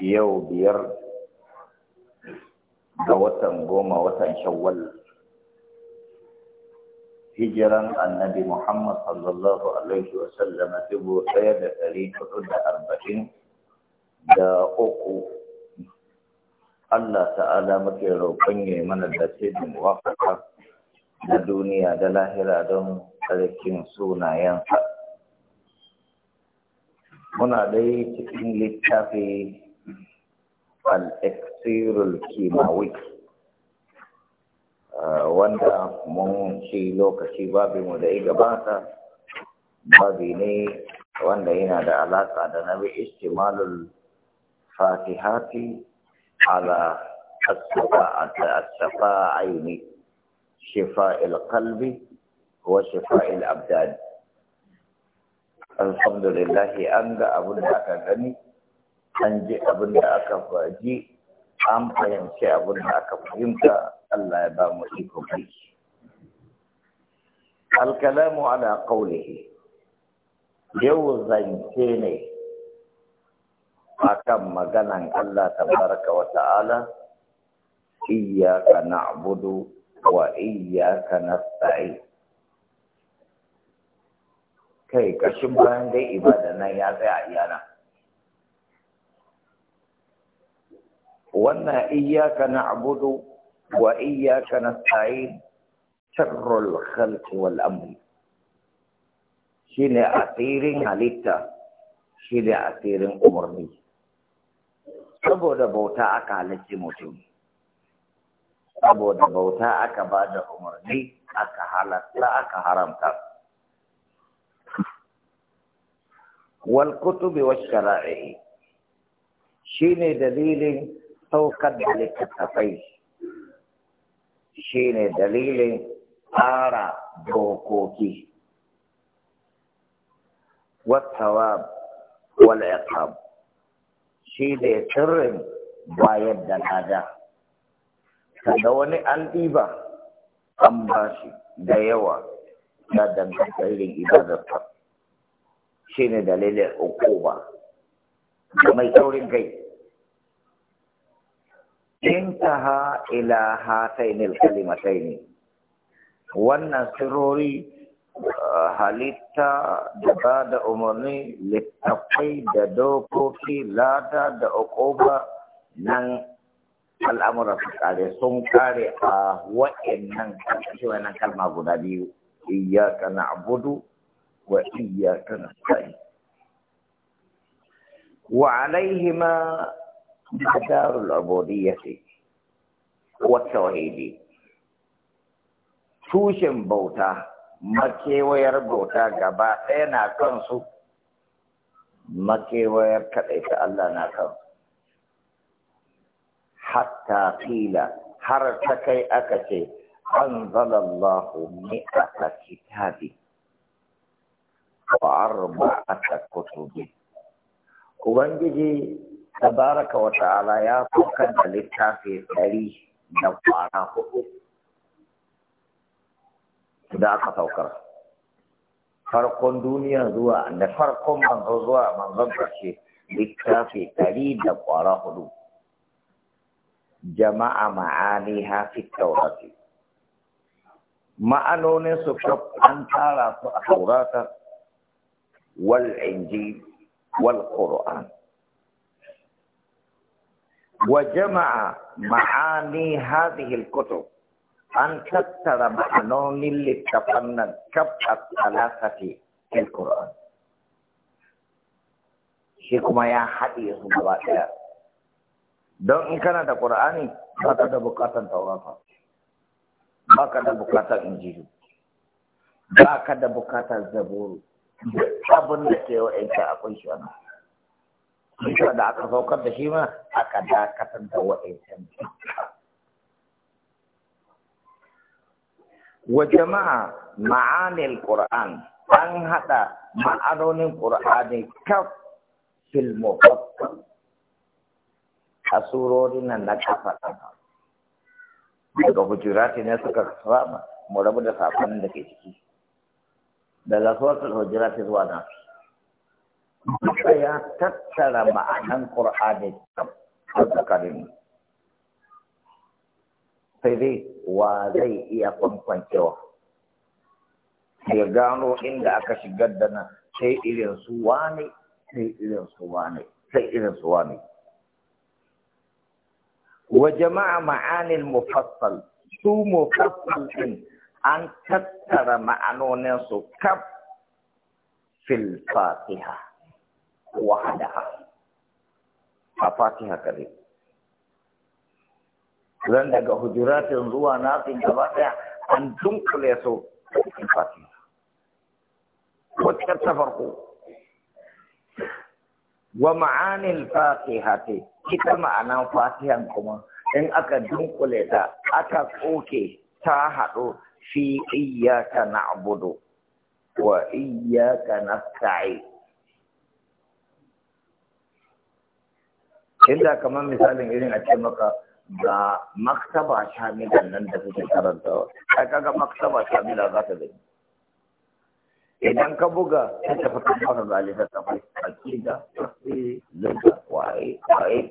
yau biyar ga watan goma watan shawwal hijiran annabi Muhammad sallallahu alaihi wa sallam dubu ɗaya da ɗari hudu da arba'in da uku Allah ta'ala muke roƙon ya mana da cikin wafaka na duniya da lahira don ƙarfin sunayensa. Muna dai cikin littafi al ekstirul kimawi ah, wanda mun shi lokaci mu da gabata babi ne wanda yana da alaƙa da nabi istimalul fatihati ala asfa'a aini shifa'il qalbi wa shifa'il abdad alhamdulillahi an ga abin da aka gani an ji abin da aka faji an fahimci abin da aka fahimta Allah ya ba mu iko aiki alkalamu ala qawlihi yau zan zance ne akan maganan Allah tabaraka wa ta'ala iyyaka na'budu wa iyyaka nasta'in kai kashin bayan dai ibada nan ya tsaya iyana wannan na abudu wa iyyaka nasta'in sharrul khalqi wal amri a asirin halitta shi a asirin umarni saboda bauta aka halarci mutum saboda bauta aka ba da umarni aka halatta aka haramta wal kutubi wa shara'i shine dalilin saukar da littattafai shi ne dalilin tsara dokoki wattawa wal iqab shi ne sirrin bayar da lada kada wani an ɗiba an ba shi da yawa na danganta irin ibadarsa shi ne dalilin ukuba mai saurin kai intaha ila hatainil kalimataini wannan sirori halitta da ba da umarni littafai da dokoki lada da okoba nan al'amura su kare sun kare a wa'annan kasashe wannan kalma guda biyu iyaka na abudu wa iyaka na sa'i wa alaihima دار العبودية والتوحيد Tushin bauta, makewayar bauta gaba ɗaya na kansu makewayar kaɗaita Allah na kansu hatta fila har ta kai aka ce an zalallahu mi'ata kitabi wa arba aka kutubi ubangiji تبارك وتعالى يا فقد للتافي تري دوارا هو دا كتوكر فرق دونيا زوا ان فرق من زوا من ضبطك للتافي تري دوارا هو جماع معانيها في التوراة معنون سبب أنتارا في التوراة والإنجيل والقرآن وجمع معاني هذه الكتب أن تكثر معنون للتفنن كبت الثلاثة في القرآن شكما يا حديث مبادئ don in kana da ƙur'ani ba ka da buƙatar taurafa ba ka da buƙatar injiru ba ka da buƙatar zaburu abin da ke wa'inka akwai mutuwa da aka saukar da shi ma aka dakatar da wa'insan Wa jama'a ma'anil Qur'an an haɗa ma'anonin Qur'ani kaf fil mufassal a nan na kafa kafa. Daga hujurati ne suka kasa mu rabu da safanin da ke ciki. Daga suratul hujurati zuwa nafi. duka ya tattara ma'anan Qur'ani a tsakanin sai dai wa zai iya kwankwancewa ya gano inda aka shigar da nan sai irin su wani. sai irin su wane sai irin su wane wa jama'a ma'anil mufassal su mufassal din an tattara ma'anoninsu su kaf fil fatiha ha, a fatiha kare zan daga hujuratin zuwa nasin gaba daya an dunkule su cikin fatiha wacce ta farko wa ma'anin fatihati ita ma'anan fatihan kuma in aka dunkule ta aka koke, ta haɗu fi iyaka na'budu wa iyaka nasta'in inda kamar misalin irin a ce maka ga maktaba shamila nan da suke karantawa ai kaga maktaba shamila za ta gani idan ka buga ta tafi kan maka galifa ta fi akida tafi zuga waye waye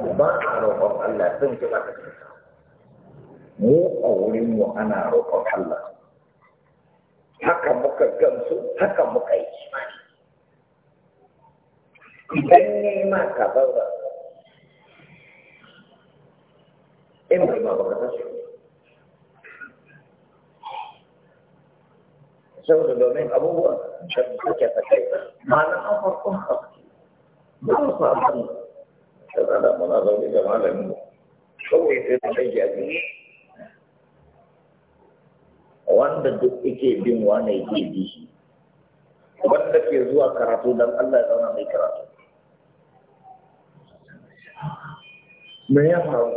ba a roƙon Allah sun ji ba mu a wurin mu ana roƙon Allah haka muka gamsu haka muka yi imani idan nema ka zaura in bai ma baka tashi saboda domin abubuwan da suke fakai ma'ana an farkon haske ba su abin ta tsada muna zaune da malamin mu kawai sai ta kai jami'i wanda duk ike bin wane ke bi shi wanda ke zuwa karatu don Allah ya zauna mai karatu me ya faru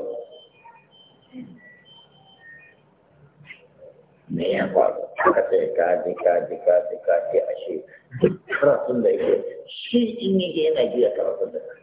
me ya faru aka sai kaji kaji kaji kaji ashe duk karatun da yake shi in yake yana jiya karatun da kan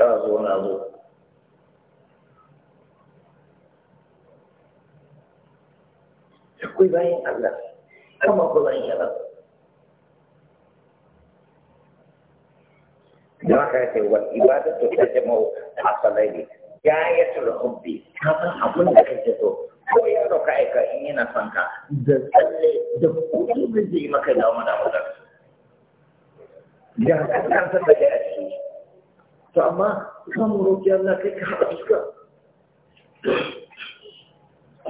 ka zo na zo akwai bayan Allah kama kuma yana da haka yake wa ibadatu ta jama'u asalai ne ya yi turhubbi kamar abin da kake so ko yaro ka aika in yana son ka da tsalle da kuɗi da yi maka da wani da wadar da da a to amma samun roƙi Allah kai ka Kuna fuska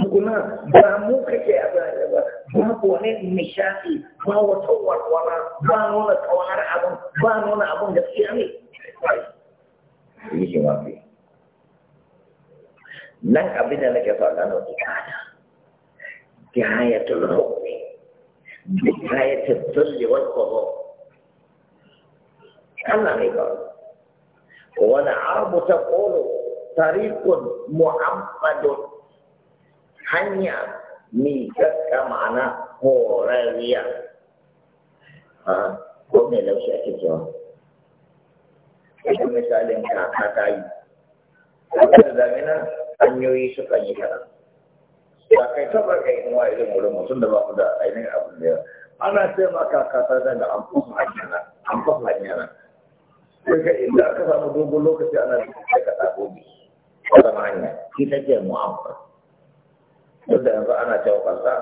tukuna ba mu kake a baya ba babu wani nishaɗi ba wata warwara ba nuna ƙaunar abin ba nuna abin gaskiya ne yake mafi nan abin da nake faɗa na ibada gayatul hukmi gayatul dhilli wal qada Allah ne ba والعرب تقول طريق محمد hanya miƙaƙƙa ma'ana horariya a ko mai laushi ake cewa ita misalin kaka ta yi da damina hanyoyi suka yi kara ba kai taba kai in wa irin wurin mutum da ba ku da ainihin abin da yawa ana ce ma daga an hanyar daga inda aka lokaci ana da kaɗa gobe wata hanya shi take mu'amfar duk da yanzu ana cewa kansa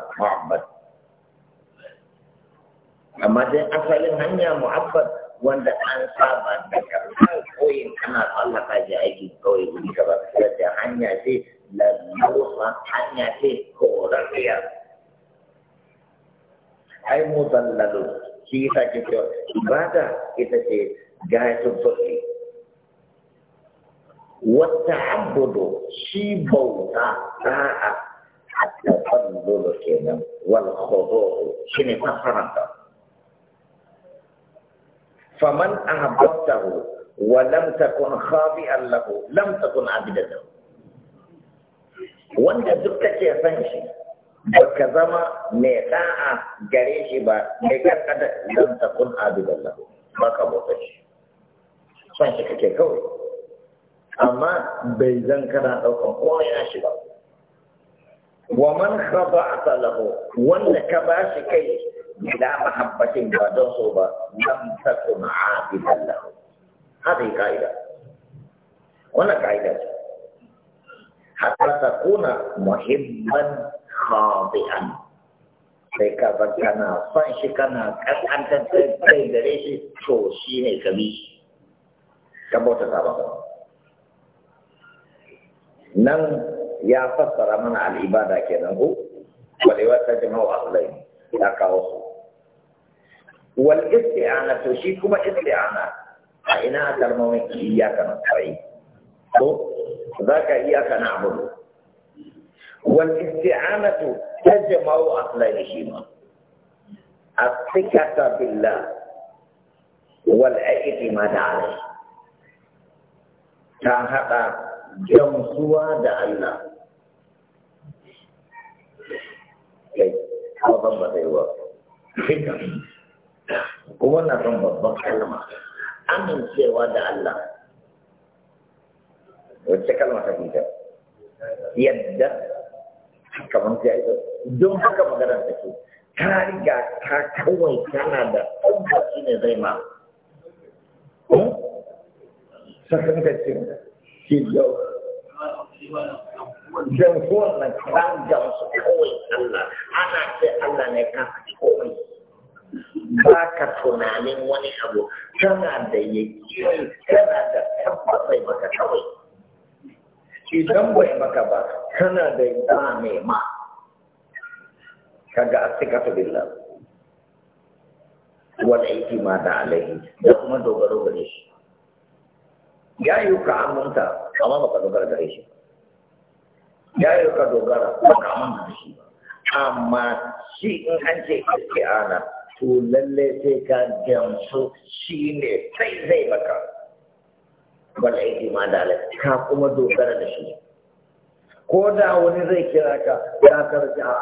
dai asalin hanya mu'amfar wanda an saba da karfan koyin ana tsallaka shi aiki kawai wuri gaba hanya ce lalusa hanya ce ai mutallalu shi yasa ke cewa ibada ita ce gayat al-fiqhi wa ta'abbud shi bauta ta'a hatta tanzul kenan wal khudu shine tafaranta faman ahabbahu wa lam takun khabi'an lahu lam takun 'abidan wanda duk kake san shi baka zama mai da'a gare shi ba mai kada lam takun 'abidan lahu baka bauta shi son shi kake kawai amma bai zan kana ɗaukan komai na shi ba wa man khada'ata lahu wanda ka ba shi kai bila mahabbatin ba don so ba lam takun abidan lahu hada kaida wannan kaida ce hatta takuna muhibban khadi'an sai ka bar kana son shi kana kaskantar kai gare shi to shine kabi ka bauta ta ba nan ya fassara mana al'ibada kenan ko walewar ta jama'u asalai ya kawo wal isti'ana to shi kuma isti'ana a ina kalmomin iyaka na tsayi ko za ka iyaka abu wal isti'ana to ta jama'u asalai shi ma billah. بالله والأئتماد عليه ta haɗa gamsuwa da Allah. Kai, babban ba zai ba. Fika, kuma na son babban kalma, amincewa da Allah. Wacce kalma ta fita? Yadda, kamar ta yi don haka magana ta ke. ga ka kawai kana da tabbaci ne zai ma. Hmm? sakankacin kilo jamsuwan nan kan su kawai Allah ana ce Allah ne ka faɗi komai ba ka tunanin wani abu kana da yaƙi kana da tabbatai maka kawai idan bai maka ba kana da ba ne ma kaga asikatu billah wal ma da alaihi da kuma dogaro gare shi ya yi ka aminta amma baka dogara gare shi ya yi ka dogara baka aminta da shi amma shi in an ce isti'ana to lalle sai ka gamsu shi ne sai zai maka aiki ma da ka kuma dogara da shi ko da wani zai kira ka ya karfi a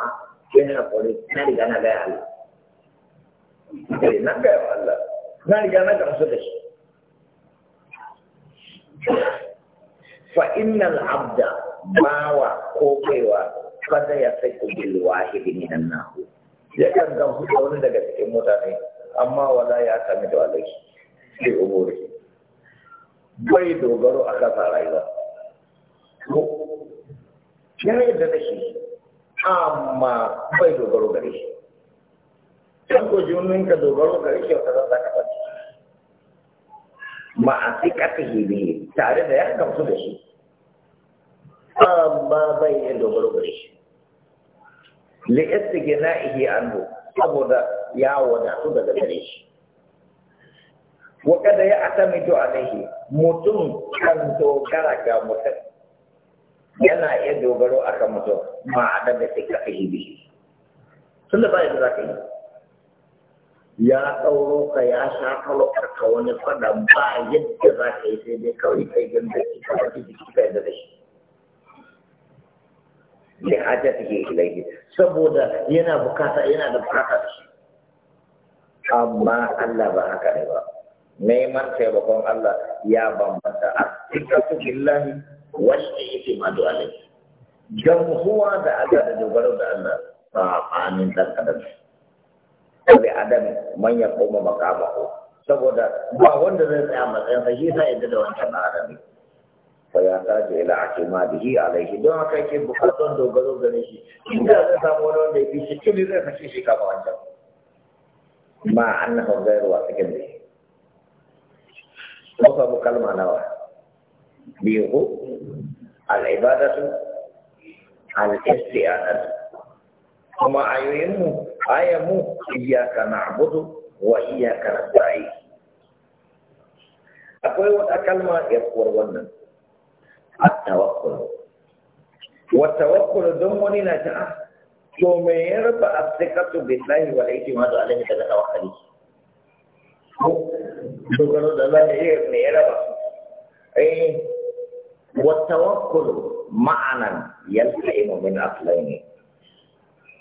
yin haƙuri na riga na gaya na gaya Allah na riga na gamsu da shi fa innal abda wa ko kaiwa kada ya saku bil wahidi minan nahu ya kan gamsu da wani daga cikin mutane amma wala ya sami da alai sai umuri bai dogaro a kasa rayuwa ko ya yi da shi amma bai dogaro gare shi kan ko jimin ka dogaro gare shi wata zan ka faɗi ma'a sikatihi bihi tare da ya gamsu da shi amma bai yin dogaro da shi na istighna'ihi anhu saboda ya wadatu daga gare shi wa kada ya atamitu alaihi mutum kan dogara ga mutum yana iya dogaro akan mutum ma'a da sikatihi bihi tunda bai da zaka yi ya ɗauro ka ya sha kalokar ka wani fada ba yadda za ka yi sai dai kawai kai ganda shi ka wata jiki ka yi da shi da ta ke ilaihi saboda yana bukata yana da bukata da shi amma Allah ba haka ne ba neman taimakon Allah ya bambanta a cikin billahi wanda yake madu alai gamsuwa da Allah da dogaro da Allah ba a ɗan adam wani adam man ya koma makamahu saboda ba wanda zai tsaya matsayin sa shi sa Adam. da wancan arami fa dihi alaih. Doa akimadihi alaihi don haka yake bukatun dari gare shi sesama orang samu wani wanda ya fi shi tuni ma anak orang dari cikin da shi bukan mana kalma nawa al-ibadatu al istiadat. kuma ayoyin mu ayamu iyyaka na'budu wa iyyaka nasta'in akwai wata kalma ya kuwar wannan at-tawakkul wa tawakkul don wani na ta ah, to me ya raba as wa billahi ma da alayhi daga tawakkali dogaro da Allah ne me ya raba eh wa tawakkul ma'anan yalqa min aslaini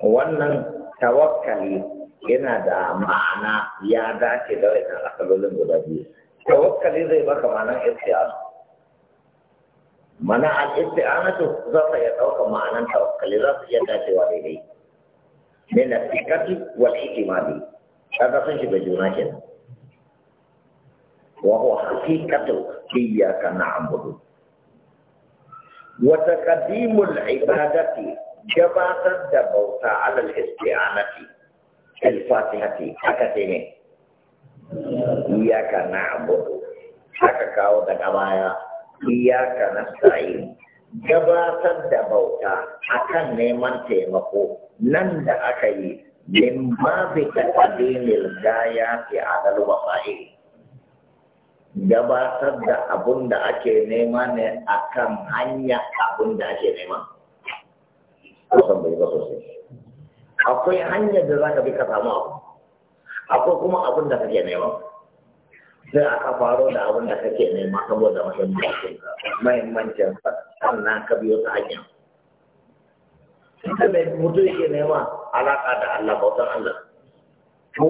wannan tawakkali yana da ma'ana ya dace da wannan akalolin guda biyu tawakkali zai baka ma'anar isti'ana mana al-isti'anatu za ta iya ɗauka ma'anar tawakkali za su iya dacewa daidai min al-fikati wal hikimati kaga sun shiga juna kenan wa huwa haqiqatu iyyaka na'budu wa taqdimul ibadati gabatar da bauta alal isti'anati fil fatihati haka sai ne iyaka na abudu haka kawo daga baya iyaka na sa'i gabatar da bauta akan neman taimako nan da aka yi min babu taqdimil gaya fi adal wafa'i gabatar da abun da ake nema ne akan hanya abun da ake nema kusan bai ba sosai akwai hanyar da za ka bi ka samu abu akwai kuma abin da kake nema sai aka faro da abin da kake nema saboda mahimmancin sa sannan ka biyo ta hanya ita mai mutum yake nema alaƙa da Allah bautan Allah to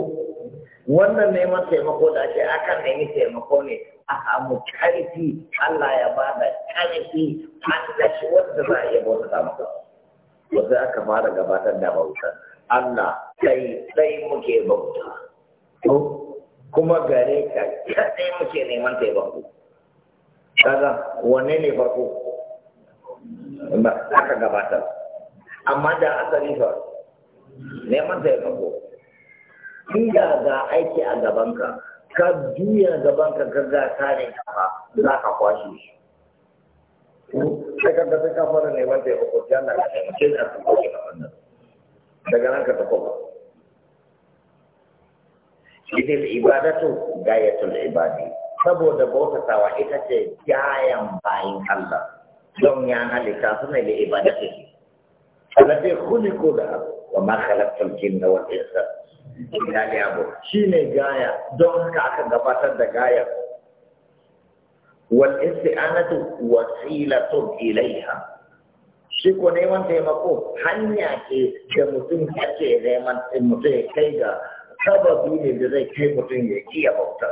wannan neman taimako da ake akan nemi taimako ne a samu ƙarfi Allah ya ba da ƙarfi an da shi wanda za a iya bauta maka wanda aka fara gabatar da bauta Allah kai sai muke bauta kuma gare ka sai muke neman bauta kaga wanne ne farko aka gabatar amma da asali fa neman taimako inda ga aiki a gabanka ka juya gabanka ka ga kare kafa za ka kwashe shi sai ka ga sai ka fara neman taimako ta na sai ka tafi ko ka wannan daga nan ka tafi ba idil ibadatu gayatul ibadi saboda bautatawa ita ce gayan bayin Allah don ya halitta su ne da ibadatu alladhi khuliqu la wa ma khalaqtul jinna wal insa illa liya'budun shine gaya don haka aka gabatar da gayar والاستعانة وسيلة إليها shi ko neman taimako hanya ce da mutum ake neman mutum ya kai ga sababi ne da zai kai mutum ya kiya bauta.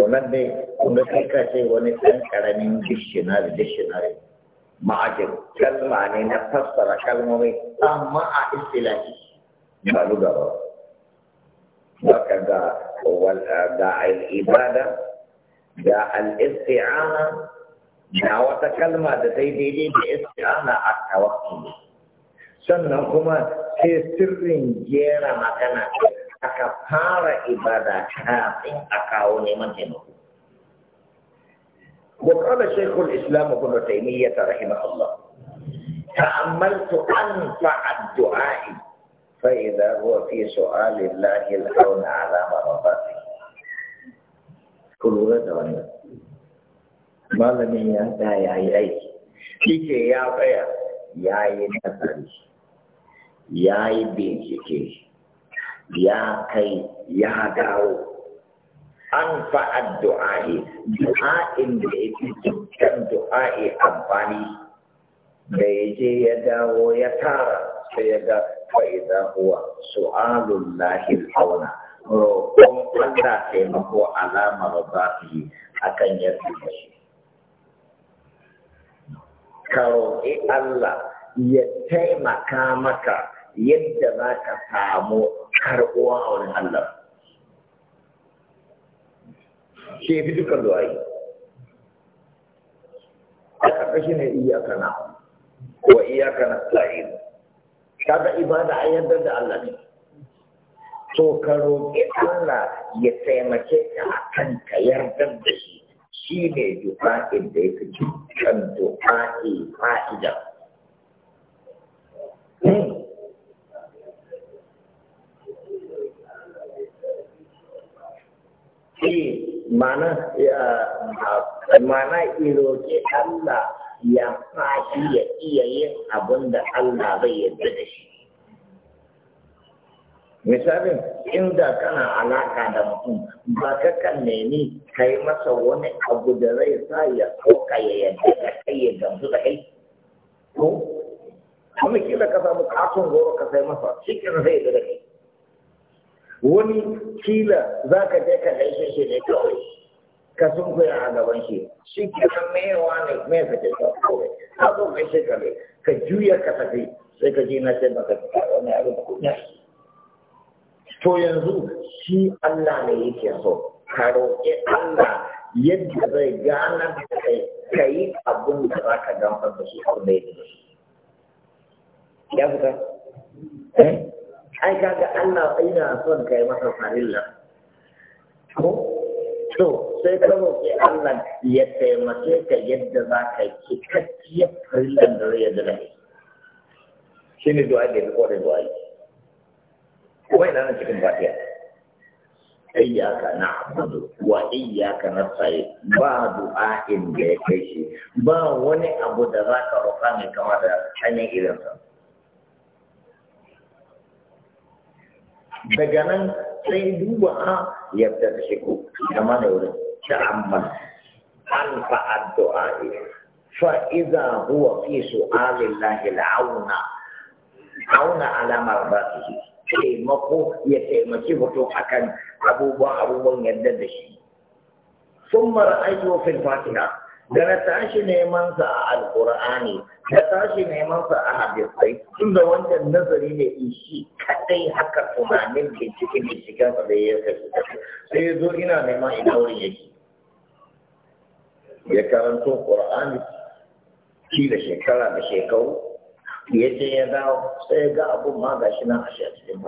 To nan kuma kai ka ce wani ɗan ƙaramin dishinari dishinari ma'ajin kalma ne na fassara kalmomi amma a istilahi ba lugaba وكذا داعي الإبادة داعي الاستعانة دعوة كلمة سيدي الاستعانة التوكل sannan kuma sai sirrin jera magana aka fara إبادة kafin أكاوني kawo neman وقال شيخ الإسلام ابن تيمية رحمه الله تأملت أنفع الدعاء فإذا هو في سؤال الله الكون على مرضاته كل ولد وانا ما لم ينتهى يا إليك كيف يا غير يا نظري يا بنتي يا كي يا داو أنفع الدعاء دعاء بإذن كم دعاء أباني da ya je ya dawo ya tara sai ya ga فإذا هو سؤال lahi الحول roƙon Allah taimako alamar zafi a kan yadda da shi. Ka roƙi Allah ya taimaka maka yadda za ka samu karɓuwa a wurin Allah. Shi fi dukkan duwayi. A ƙarƙashi ne iyaka na, wa iyaka na sa'in. kaga ibada a yadda da Allah ne to ka roƙi Allah ya taimake ka a kan ka yarda da shi shi ne du'a'in da ya fi dukkan du'a'i fa'ida mana hmm. ya mana iroƙi Allah ya fashi ya iya yin abin da Allah zai yarda da shi misalin inda kana alaka da mutum ba ka kan nemi ka yi masa wani abu da zai sa ya sauka ya yarda da kai ya gamsu da kai ko kuma kila ka samu katon goro ka sai masa cikin zai yarda da kai wani kila za ka je ka gaishe shi ne kawai ka sun koya a gaban shi shi ke nan yawa ne mai kake ka kore ka zo mai shekaru ka juya ka tafi sai ka ji na ce maka ta wani abu da kunya to yanzu shi Allah ne yake so ka roƙi Allah yadda zai gana da kai ka yi abin da za ka gamfar da shi har da shi ya fita eh ai kaga Allah yana son kai masa farilla ko to sai ka roƙi Allah ya taimake ka yadda za ka ci cikakkiyar farin da zai yadda da shi ne du'a da ya fi kodin du'a yi kuma ina nan cikin fatiha na na'budu wa na tsaye ba in da ya kai shi ba wani abu da za ka roƙa mai kama da hanyar irinsa daga nan sai duba a yadda da shi ko da wurin تعمد أنفع الدعاء فإذا هو في سؤال a'una العون عون على مرضاته taimako ya taimaki mutum akan abubuwan abubuwan yadda da shi sun mara aiki wa fatiha da na tashi neman sa a alkur'ani da tashi neman sa a hadisai tunda wancan nazari ne in shi kadai haka tunanin bincike binciken sa da ya kai sai zo ina neman ina wurin yake ya karanto ƙur'ani shi da shekara da shekaru ya ce ya dawo sai ga abun ma gashi nan a shi a cikin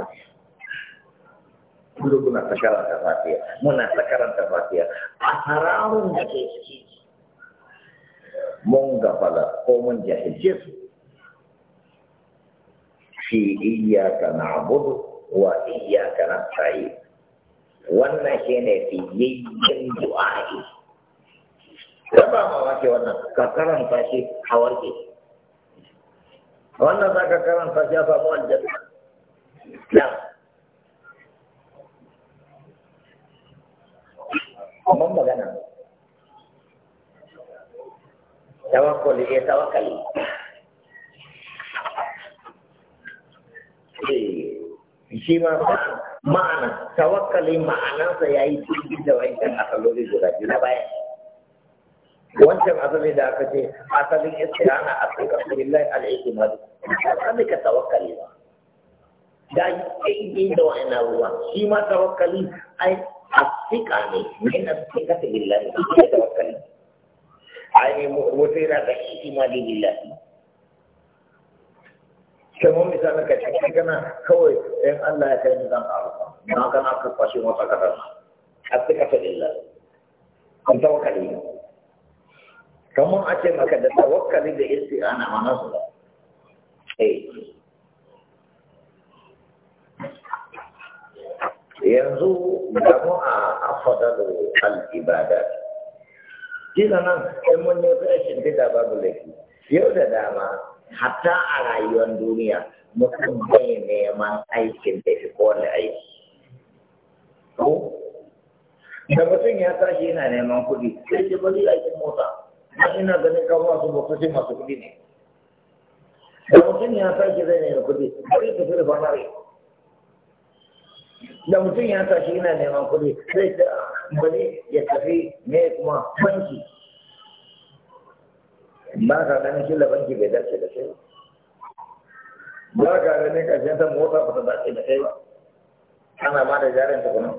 muna ta karanta fatiha muna ta karanta fatiha a hararun da ke ciki mun gafala ko mun jahilce su fi iyaka na'budu wa iyaka tsaye wannan shi ne shine fiyayyen du'a'i kan ba ma wace wannan ka karanta shi a warke wannan za ka karanta shi ya samu aljanna Kaman magana. Tawakkuli ya eh, tawakkali. Eh, shi ma ma'ana, tawakkali ma'anansa ya yi cikin da wancan a kalori guda biyu na baya. wancan azumi da aka ce asalin istirana a cikin kasulillahi al'ikimadu asali ka tawakkali ba da yi da wani na ruwa shi ma tawakkali ai tsika ne min asika ta billahi shi tawakkali ai ne mutum yana da ikimadi billahi kamar misalin ka ce kana kawai in Allah ya kai ni zan ƙarfa na kana ka kwashe masa kadar asika ta billahi an tawakkali ne kamar a ce maka da tawakkali da isti'ana mana su eh. yanzu damu a afadalu al'ibada. ibada kila nan sai mun yi rashin bida babu laifi yau da dama hatta a rayuwar duniya mutum bai neman aikin da fi kowane aiki da mutum ya tashi yana neman kuɗi sai ce bari aikin mota dan ina ganin kawo su bukatu masu kuɗi ne da mutum ya sake zai neman kudi kuɗi bari tafi da fanare da mutum ya tashi yana neman kuɗi zai ta bane ya tafi ne kuma banki ba ka ganin shi banki bai dace da kai ba ka ganin ƙarshen ta mota ba ta dace da kai ba ana ma da jarin ta kuma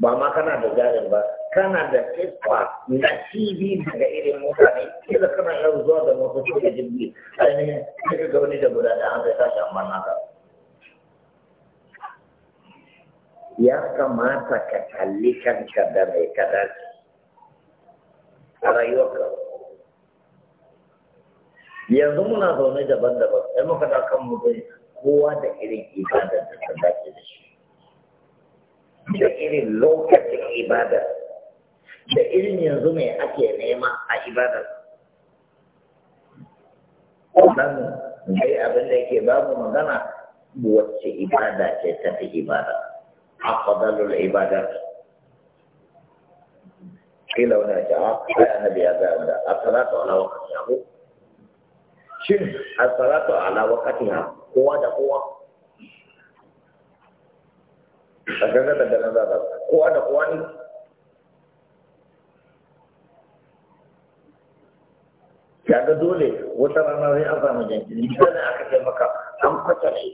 ba ma kana da jarin ba kana da kifa na cibi daga irin mutane kila kana yau zuwa da motocin da jirgi ainihin daga ga wani da guda da an zai tashi amma naka ya kamata ka kalli kanka da mai ka dace a rayuwarka yanzu muna zaune daban-daban sai muka da kan mutum kowa da irin ibadar da ta dace da shi da irin lokacin ibadar da irin yanzu mai ake nema a ibadar wannan dai abin da yake babu magana wacce ibada ce ta fi ibada afdalul ibadat kila wani ake a ah, kai annabi ya ga wanda A salatu ala wakati ko shin a salatu ala waqtiha kowa da kowa a gangata da nan za kowa da kowa ne kaga dole wata rana zai an samu jinkiri ne aka ce maka an kwace shi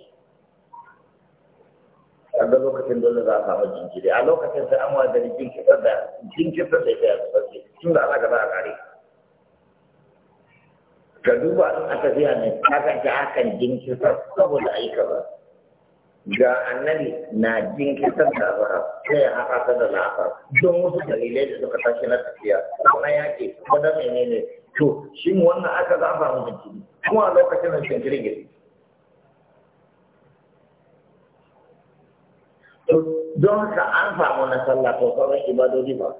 kaga lokacin dole za a samu jinkiri a lokacin sai an wajen jinkirtar da jinkirtar da ya fi tun da ana gaba a kare ka duba a tafiya ne kakan ta hakan jinkirta saboda aika ba ga annabi na jinkirtar da azhar sai ya haɗa ta da la'asar don wasu dalilai da suka tashi na tafiya Kuma ya ke kuma na ne to shi wannan aka za a samu jinkiri kuma a lokacin da jinkiri to don haka an samu na sallah to sauran ibadodi ba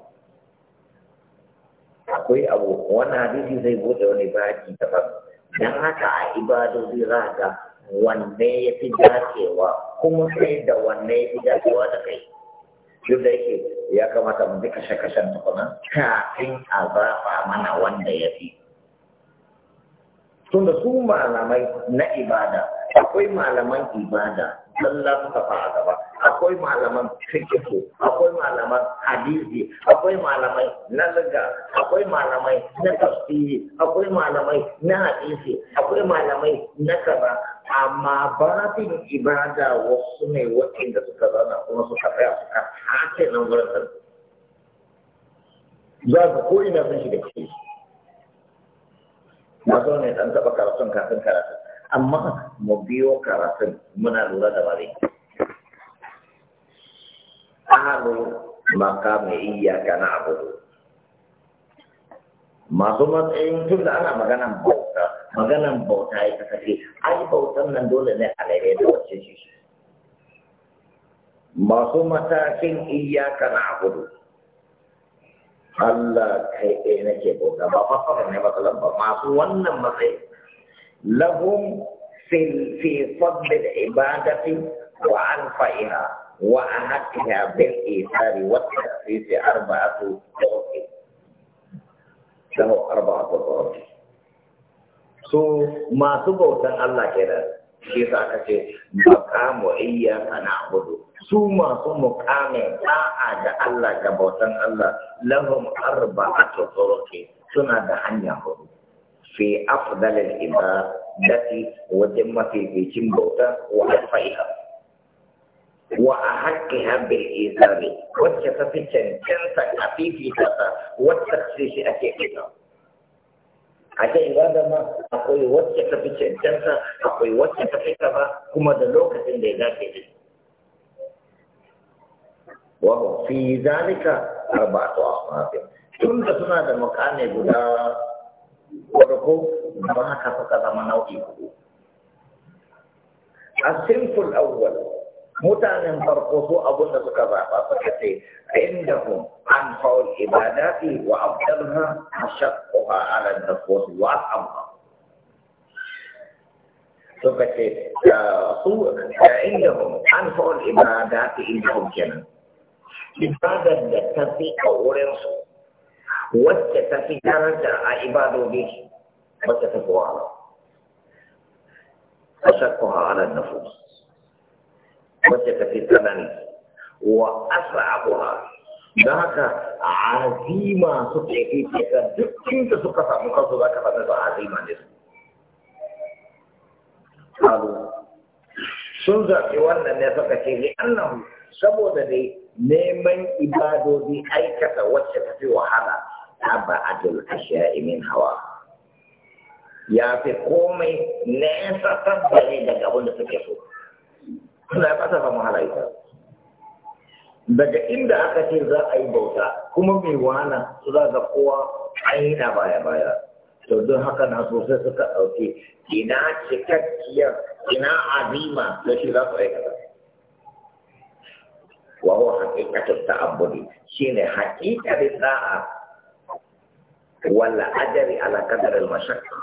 akwai abu wannan hadisi zai bude wani baki daban don haka a ibadodi za ka wanne ya fi dacewa kuma sai da wanne ya fi dacewa da kai duk da yake ya kamata mu bi kashe-kashen tukunan kafin a zafa mana wanda ya fi Tunda su malamai na ibada akwai malaman ibada lalla suka a gaba akwai malaman fikihu akwai malaman hadisi akwai malamai na liga akwai malamai na tafsiri akwai malamai na hadisi akwai malamai na kaza amma batin ibada wasu ne waɗanda suka zana kuma suka tsaya suka tace nan wurin sarki za ka ko ina sun shiga ciki na zo ne dan taɓa karatun kafin karatun amma mu biyo karatun muna lura da bari ahalu maka mai iya kana abu masu matsayin tun da ana magana maganan bauta ya kasance ai bautan nan dole ne a daidai da wacce shi masu matakin iya na abudu Allah kai ɗaya nake bauta ba fa ne matsalan ba masu wannan matsayi lahum fi fadl ibadati wa anfa'iha wa ahatiha bil isari wa tasisi arba'atu tawqi lahu arba'atu tawqi Su masu bautan Allah kenan shi sa aka ce maqamu iyyaka na'budu su masu mukamin da'a da Allah da bautan Allah lahum a turuqi suna da hanya hudu fi afdalil ibadati wajen mafificin bauta wa alfaiha wa a haƙƙi bil izari wacce ta fi cancanta a fifita ta wacce ce shi ake ita a ta ibada ma akwai wacce ta fi cancanta akwai wacce ta fi kuma da lokacin da ya dace da wa fi zalika arba'atu aqab tun da suna da makane guda farko ba haka suka zama nau'i hudu A simple awwal mutanen farko su abun da suka zaɓa suka ce indahum an haul ibadati wa abdalha ashaqquha ala nafs wa amma suka ce su indahum an haul ibadati indahum kenan ibadat da ta fi a wurin su wacce ta fi daraja a ibadobi wacce ta fi wahala ashaqquha ala nafs wacce ta fi tsanani wa asabuha don haka azima suke fi duk inda suka samu kansu za ka sami ba azima ne su sun zaɓi wannan ne suka ce ni annahu saboda dai neman ibadodi aikata wacce ta fi wahala ta ba adul ashiya'i min hawa ya fi komai nesa tabbare daga wanda da suke so Allah ya fata samu daga inda aka ce za a yi bauta kuma mai wana za ga kowa aina baya-baya to don haka na so sai suka ɗauke ina cikakkiyar ina azima da shi za su aikata wa huwa haqiqatu ta'abbudi shine haqiqatin za'a wala ajri ala qadar al-mashaqqa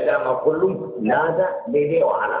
aida ma kullum nada daidai wahala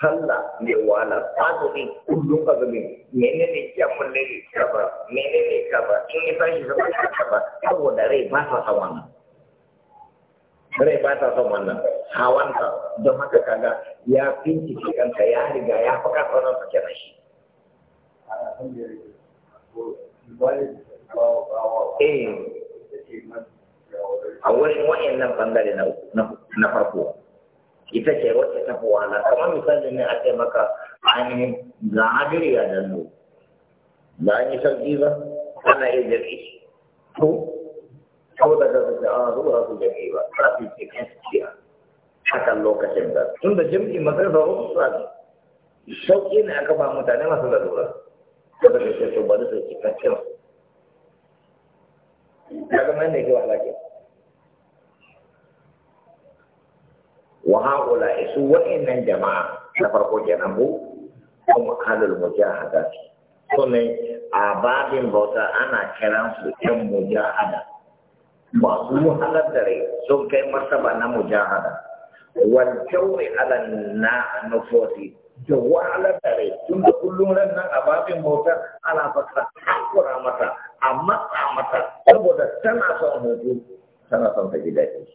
sallah mai wahala ne kullum azumi menene kyamun lili kaba menene kaba in ya tashi zama kaza saboda rai ba sa san wannan rai ba sa san wannan hawanta don haka kaga ya fincike kanka ya riga ya faɗa sanar sa kenan shi eh a wurin nan bangare na farko ita ce wacce ta fi wahala kamar misali ne a ce maka ainihin ga hadiriya a lo ba an yi sauki ba ana a jami'i ko ko da ga su ja'a a ah, ba su jami'i ba za su ce kan siya hakan lokacin da tun da jami'i matsar da su ne sauki ne aka ba mutane masu lalura da ba su ce ba su ce ka siya. Ya zama yadda yake wahala ke. wa haula isu wa'annan jama'a na farko kenan bu kuma halul mujahada to ne a babin bauta ana kiran su yan mujahada masu halar da rai sun kai martaba na mujahada wal jawri ala na nufosi da wahalar da rai tun da kullum ran nan a babin bauta ana fasa hakura mata a matsa mata saboda tana son hutu tana son ta gida daɗi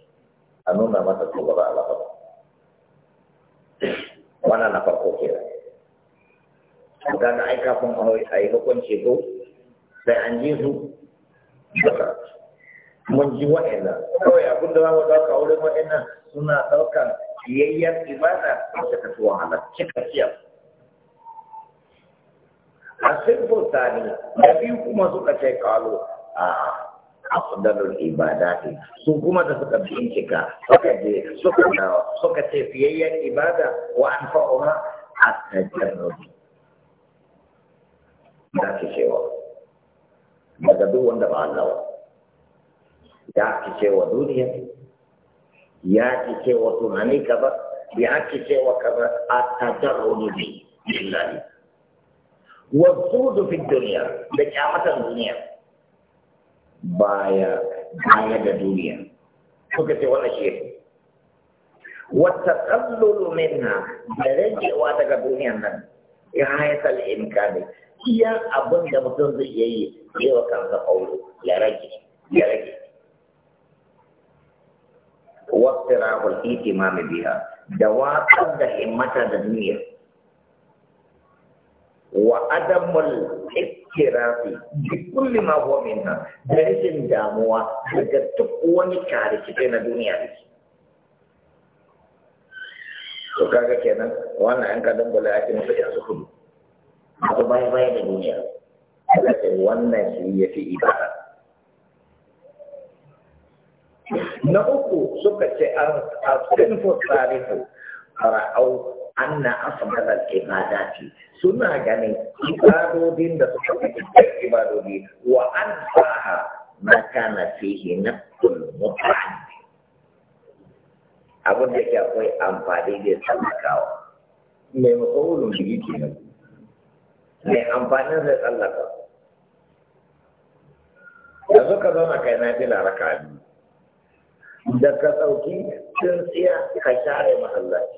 a nuna mata ba a lafafa wannan na farko ke da ga ai kafin a yi hukunci ko sai an ji su daga mun ji wa'ina kawai abin da zamu dauka wurin wa'ina suna daukan biyayyar ibada da ta wahala halar cikakkiyar a sirfur tani da biyu kuma suka ce kalo a ah, afdalul ibadati su kuma da suka bincika suka je suka dawo suka ce fiyayyen ibada wa an fa'uha at-tajarrud da ke cewa daga duk wanda ba Allah ya ke cewa duniya ya ke cewa tunani ka ba ya ke cewa ka ba at-tajarrud billahi wa zuhudu fi dunya da kyamatan duniya baya baya da duniya suka ce wannan shi yake wata kallolo minna da ragewa daga duniyan nan ya hayatar ne, iya abin da mutum zai iya yi yi wa kansa ƙauro ya rage ya rage wata rahul mai biya da watsar da himmata da duniya wa adamul ikirafi duk kulli ma huwa minha da rashin damuwa daga duk wani kare kike na duniya ne to kaga kenan wannan an kadan bala ake musu ya su kudu to bai bai da duniya kaga wannan shi yafi ibada na uku suka ce an sinfo tsarifu au. anna afdal al-ibadati suna ganin ibadodin da suka fi ibadodi wa anfaha ma kana fihi nafsul muta'addi abin da ke akwai amfani da tsallakawa mai matsalolin da yake nan mai amfanin zai tsallaka yanzu ka zama kai na fi laraka da ka ɗauki tsintsiya ka share masallaci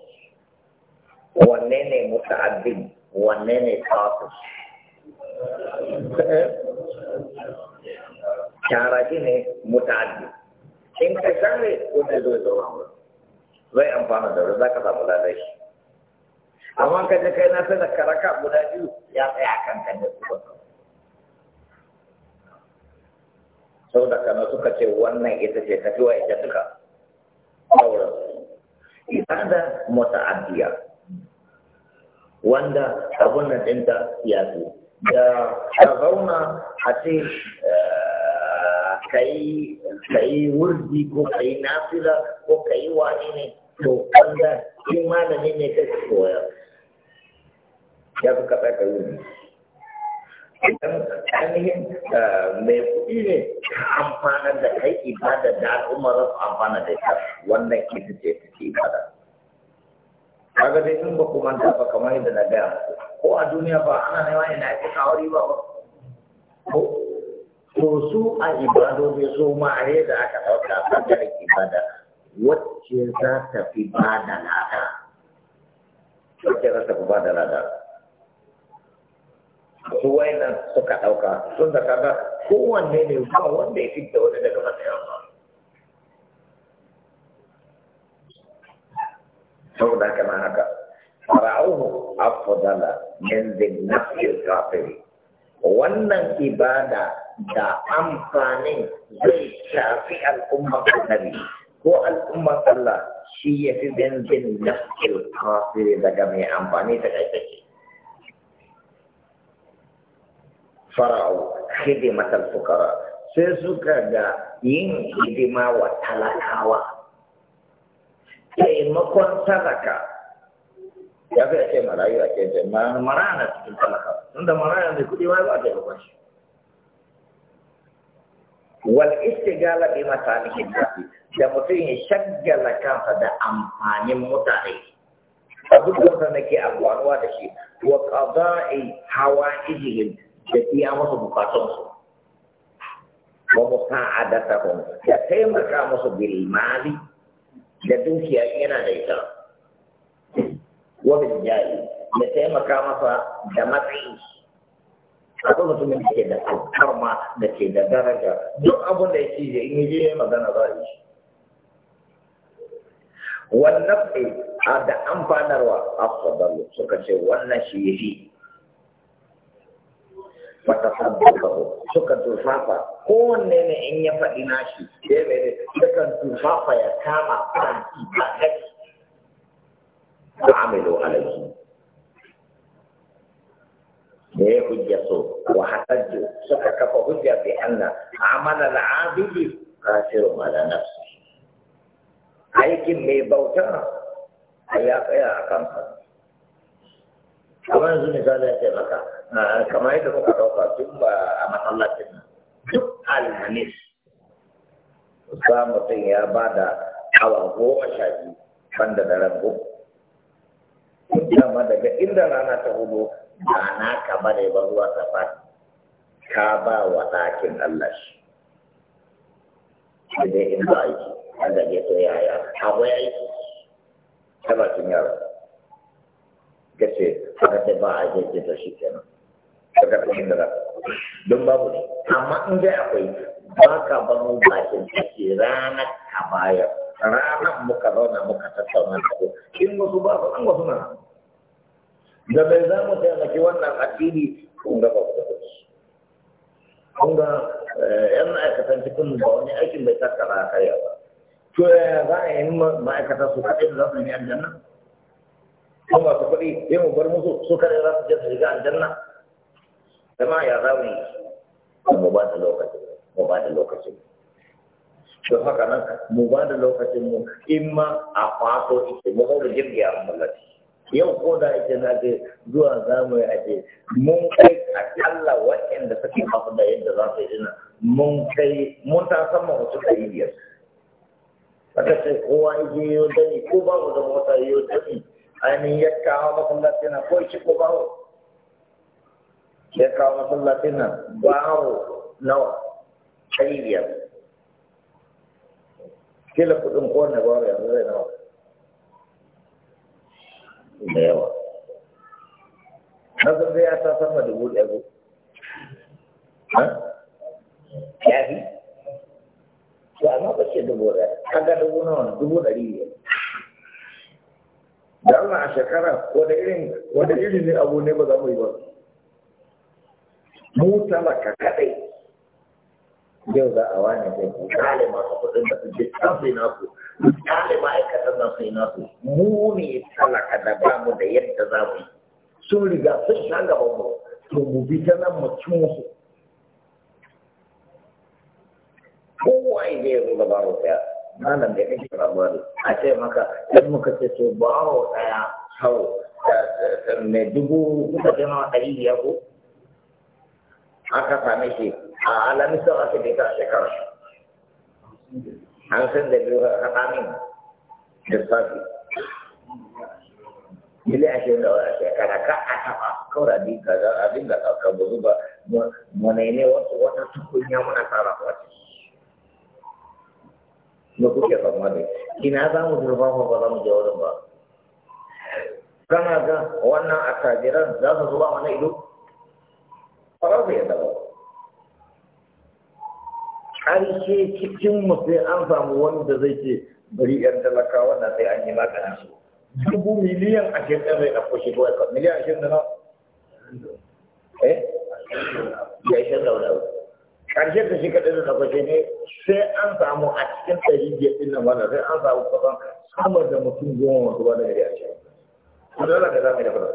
wanne ne muta'addin wanne ne tasu sharaji eh? ne muta'addin in ka share ko zai zo wurin zai amfana da wurin za ka samu lalai amma ka je kai na sai da karaka guda biyu ya tsaya kan kan da kuma saboda kana suka ce wannan ita ce tafiwa ita duka sauransu ibadah muta'adiyah wanda abun nan ɗinta ya fi da ka zauna a ce eh, ka wurdi ko ka yi nafila ko ka yi wani ne to wanda shi malami ne ka koyar ya fi kaɗa ka yi idan ainihin eh, mai kuɗi ne ka amfana da kai ibada da al'ummar za su amfana da ita wannan ita ce ta ibada kaga dai in ba ku manta ba kamar yadda na gaya muku ko a duniya ba ana nema ne na ake kawari ba ko to su a ne su a da aka ɗauka a ɓangaren ibada wacce za ta fi ba da lada wacce za ta fi ba da lada su wayannan suka ɗauka sun da kaga kowanne ne ba wanda ya fi da wani daga masu ba saboda ka na haka fara'uhu afdala min zinnafil kafiri wannan ibada da amfani zai shafi al'umma annabi ko al'umma Allah shi ya fi benzin nafil kafiri daga mai amfani da kai fara'u hidimatal fukara sai suka ga yin hidima wa talakawa taimakon sadaka ya fi ce marayu a ce marana cikin talaka tunda marana mai kuɗi ma ba a taimakon shi wal istigala bi masalihin nasi da mutum ya shaggala kansa da amfanin mutane abubuwan da nake amfanuwa da shi wa qada'i hawaijihim da biya masa bukatunsu wa musa'adatahum ya taimaka musu bil mali da dukiya yana da ita wabin jari da taimaka masa da matsayi akwai mutumin da ke da karma da ke da daraja duk abin da ya ci da in je magana za shi wannan wannan da amfanarwa afdalu suka ce wannan shi yafi wata sabbabahu suka turfafa kowanne ne in ya faɗi nashi sai mai ne sukan turfafa ya kama baki a kai ta'amilu alaihi da ya hujja so wa hatajju suka kafa hujja bi anna amala al-abidi kafirun ala nafsi aikin mai bauta ya tsaya a kansa kamar yanzu misali ya ce maka kamar yadda suka ɗauka tun ba a masallacin duk alhamis za mutum ya ba da awa goma sha biyu kan da daren goma rabu dama daga inda rana ta hudu ba na ka bane ba zuwa ta fadi ka ba wa ɗakin Allah shi sai dai in ba aiki an gaje to yaya akwai aiki ta ba batun yara gace haka sai ba a je ce to shi kenan daga cikin da za don babu ne amma in dai akwai ba ka ba mu bakin take ranar ka bayar ranar muka zauna muka tattauna da ku in wasu ba su an wasu na da bai za mu taimaki wannan addini kun ga ba ku kun ga eh, yan ma'aikatan cikin da wani aikin bai tattara karya ba to ya za a yi ma'aikata su kaɗai da za su yi aljanna an su kuɗi ya mu bar musu su kare za su je su shiga aljanna zama ya za mu yi mu ba da lokacin mu ba da lokacin don haka nan mu ba da lokacin mu in ma a kwaso ita mu hau da jirgi a mallaci yau ko da ita na ce zuwa za mu yi ake mun kai a akalla waɗanda suke hafi da yadda za su yi dina mun kai mun ta sama mutum ɗari biyar aka ce kowa ya je yau dani ko ba mu da mota yau dani ainihin ya kawo masallacin nan ko shi ko baro ya kawo masallacin nan baro nawa ɗari biyar kila kuɗin kowane baro yanzu zai nawa da yawa na zai ya ta sama dubu ɗaya ya fi Ya amma ba ce dubu ya kaga dubu nawa dubu ɗari biyar da Allah a shekara wanda irin wanda irin ne abu ne ba za mu yi ba mu talaka kadai yau za a wani zai ku kale ka kudin da su je kan sai nasu kale ma'aikatan nan sai ku mu ne talaka da ba mu da yadda za mu yi sun riga sun sha gaban mu to mu bi ta nan mu cin musu kowa ya zo da baro ɗaya malam da kake labari a ce maka in muka ce to bawo daya hau mai dubu kuka ce nawa ɗari biyar ko aka same shi a alamisa a ce bai shekara an san da biyu ka da safi Ile ashirin da wani shekara ka a taɓa kawai abin ka za a dinga ɗaukar buzu ba mu ne wasu wata tukunya muna tara kwace. na kuke tsammani ina za mu zurfafa ba za mu je wurin ba kana ga wannan attajiran za su zuba mana ido ba za su yadda ba ƙarshe cikin mutum an samu wanda zai ce bari yan talaka wannan sai an yi magana su dubu miliyan ashirin ɗin zai ɗauko shi kawai miliyan ashirin da na eh ya ashirin da wani ƙarshe da shi kaɗai da kwashe ne sai an samu a cikin ɗari biyar ɗin nan wanda sai an samu kwasan samar da mutum goma masu wani gari a cikin ku dole ka zama da fara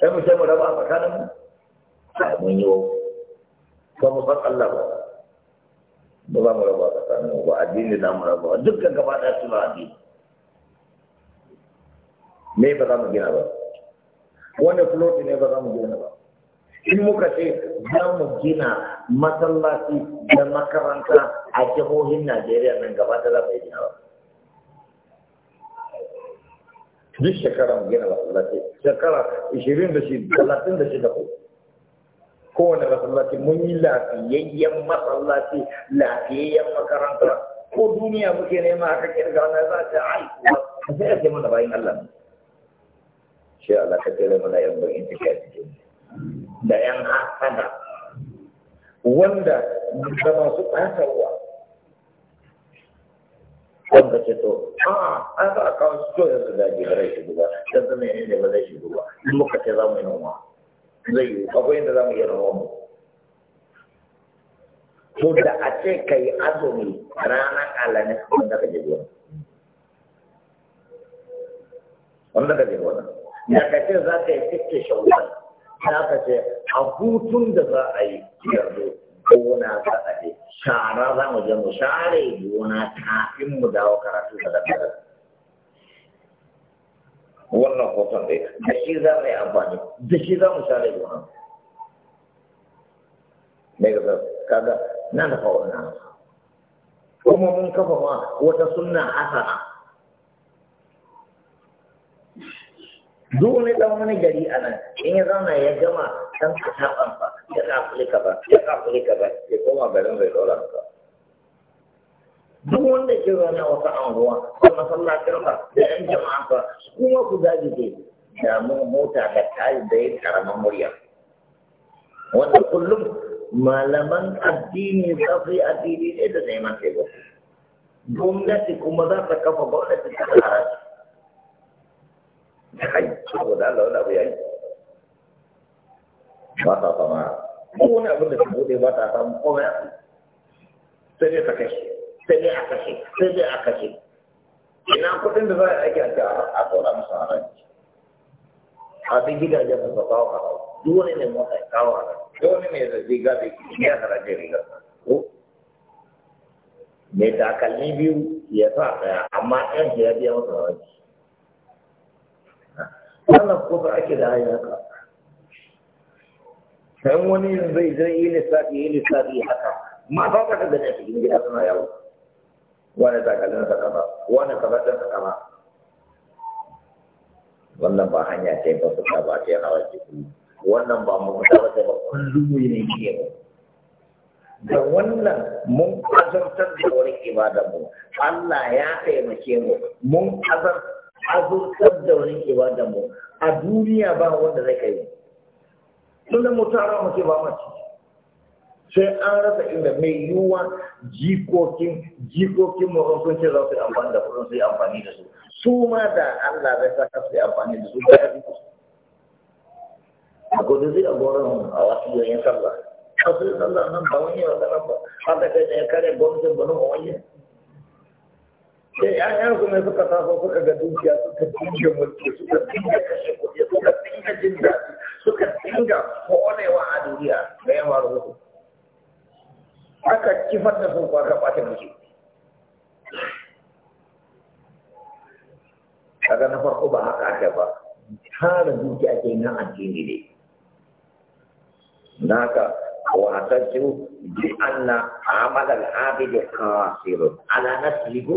sai mu sai mu raba a tsakanin mu sai mun yi ba mu san Allah ba ba za mu raba a tsakanin mu ba addini za mu raba dukkan gaba ɗaya suna addini me ba za mu gina ba wanda fuloti ne ba za mu gina ba in muka ce za mu gina masallaci da makaranta a jihohin Najeriya nan gaba da zamu yi ba. Duk shekara mu gina masallaci, shekara 26, 36 ko. Kowane masallaci mun yi lafiyayyen masallaci, lafiyayyen makaranta. Ko duniya muke nema aka kirga na za ta aikuwa, sai a ce mana bayan Allah. Shi Allah ka tere mana yan bayan tafiya cikin. da ‘yan hasada wanda da masu ɓatarwa wanda ce to a an za a kawo su to yanzu da ba zai shigo ba zama yanayi ne ba zai shigo ba in muka ce za mu yi noma zai yi akwai yadda za mu yi noma mu to da a ce ka yi azumi ranar alamis wanda ka je gona wanda ka je gona da ka ce za ka yi fiske shawarar. ta ce a hutun da za a yi yanzu gona za a je shara za mu je mu share gona kafin mu dawo karatu da daddare wannan hoton ɗaya da shi za mu yi amfani da shi za mu share gona ka kaga na da wannan. kuma mun kafa ma wata sunna hasana duk wani dan wani gari a nan in ya zauna ya gama don ka taɓa ba ya kafuli ka ba ya kafuli ka ba ya koma garin bai ɗora ka duk wanda ke zauna wasu wata anguwa ko masallacin ba da yan jama'a ba kuma ku zagige damun mota da kayi da yin karamin murya wanda kullum malaman addini za addini ne da neman taimako gwamnati kuma za ta kafa gwamnati ta haraji da hai saboda Allah wani abu ya yi ba ta fama ko wani abu da ta bude ba ta samu abu sai dai ta kashe sai dai a kashe sai dai a kashe ina kuɗin da za a ake a a tsora musu haraji gidajen su ba kawo haraji duk wani ne mota ya kawo haraji duk wani ne da riga da ya riga ko mai takalmi biyu ya sa ɗaya amma ɗan ya biya masa wannan kusa ake da hanyarka sayan wani zai zai yi lissafi yi lissafi haka mata ka gani a cikin gida suna yawo wani takalin sa kama wani kabatin sa kama wannan ba hanya ce ba su ta ba ce hawa ce wannan ba mu ta ba ce ba kullum ne ke mu da wannan mun azartar da wani ibada mu Allah ya taimake mu mun azartar azurtar da wani ibada mu a duniya ba wanda zai kai tun da tara mu muke ba ci sai an rasa inda mai yiwuwa jikokin jikokin mu sun ce za su amfani da kudin su yi amfani da su su ma da Allah zai saka su yi amfani da su da ya rike a kudu zai a goron a wasu yoyin sallah wasu sallah nan ba wani da ba har da kai ne kare gwamnatin banu a wani da ‘ya'yan su ne suka taso suka ga dukiya suka dinga mulki suka dinga kashe kuɗi suka dinga jin daɗi suka dinga konewa a duniya da yawa rubutu aka kifar da sun ka ɓata mulki kaga na farko ba haka aka ba tara dukiya ake na addini ne da haka wa'atattu bi anna amal al-abid qasirun ala nafsihi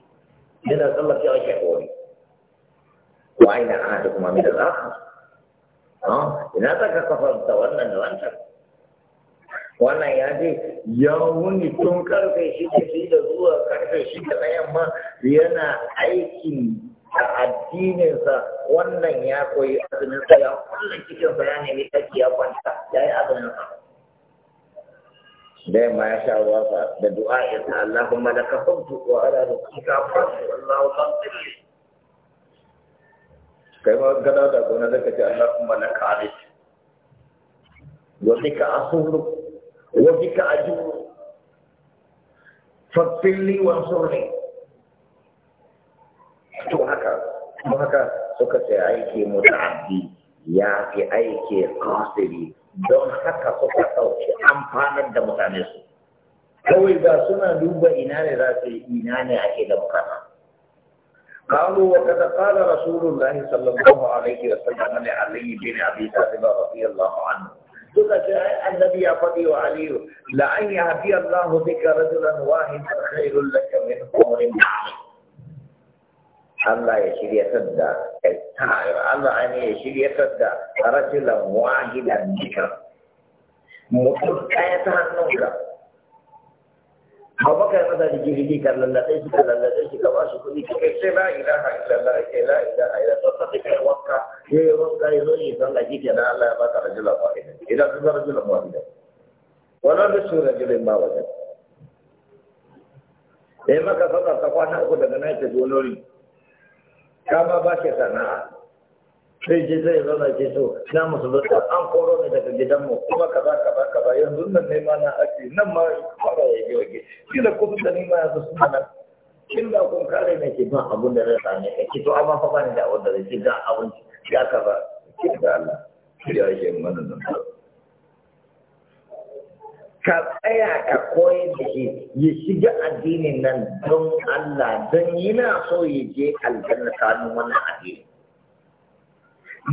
yana tsallakewa shi kori wa ina ana da kuma mai da zafi ina za ka kafa wannan da wannan ya ce ya wuni tun karfe shi da da zuwa karfe shi da na yamma yana aikin a addininsa wannan ya koyi azumin sa ya kullum cikin sa ya nemi ya kwanta ya yi azumin sa da yamma ya sha ruwa fa da du'a ya ta Allahumma laka hamdu wa ala rabbika fadu wallahu fadli kai ma gada da gona da ce Allahumma laka alif wa bika asuru wa bika ajuru fadli wa surni to haka to haka suka ce aiki muta'addi ya fi aiki qasiri don haka suka ɗauki amfanar da mutane su kawai ga suna duba ina ne za su yi ina ne ake da bukata قالوا وقد قال رسول الله صلى الله عليه وسلم لعلي بن ابي طالب رضي الله عنه suka ce ai annabi a faɗi wa aliyu la an yahdi Allahu bika rajulan wahidan khairul Allah ya shiryatar da Allah ne ya shiryatar da rajulan wahidan bika mutum ɗaya ta hannunka ba baka masa da jirgi ka lallaɗe shi ka lallaɗe shi ka ba shi kuɗi ka kai sai la ilaha illallah ya la ilaha illallah sai ka kai wanka ya yi wanka ya zo yi sallah shi kenan Allah ya baka rajulan wahidan idan ka ga rajulan wahidan wannan da su rajulin ba wajen da ya maka sallah ta kwana uku daga nan ta zo lori kama ba shi sana'a sai ji zai zama ke so na musu zuwa an koro ne daga gidanmu kuma ba ka ba yanzu nan ne ma na ake nan ma fara ya ji wage shi da kuma da ni ma yanzu suna nan kin da kun kare ne ke ban abun da zai sami ka ki to amma fa ba ni da abun da zai ci ga abun ya kaza kin da Allah ya yi mana nan ka tsaya ka koyar da shi ya shiga addinin nan don Allah don yana so ya je aljanna kanun wannan addini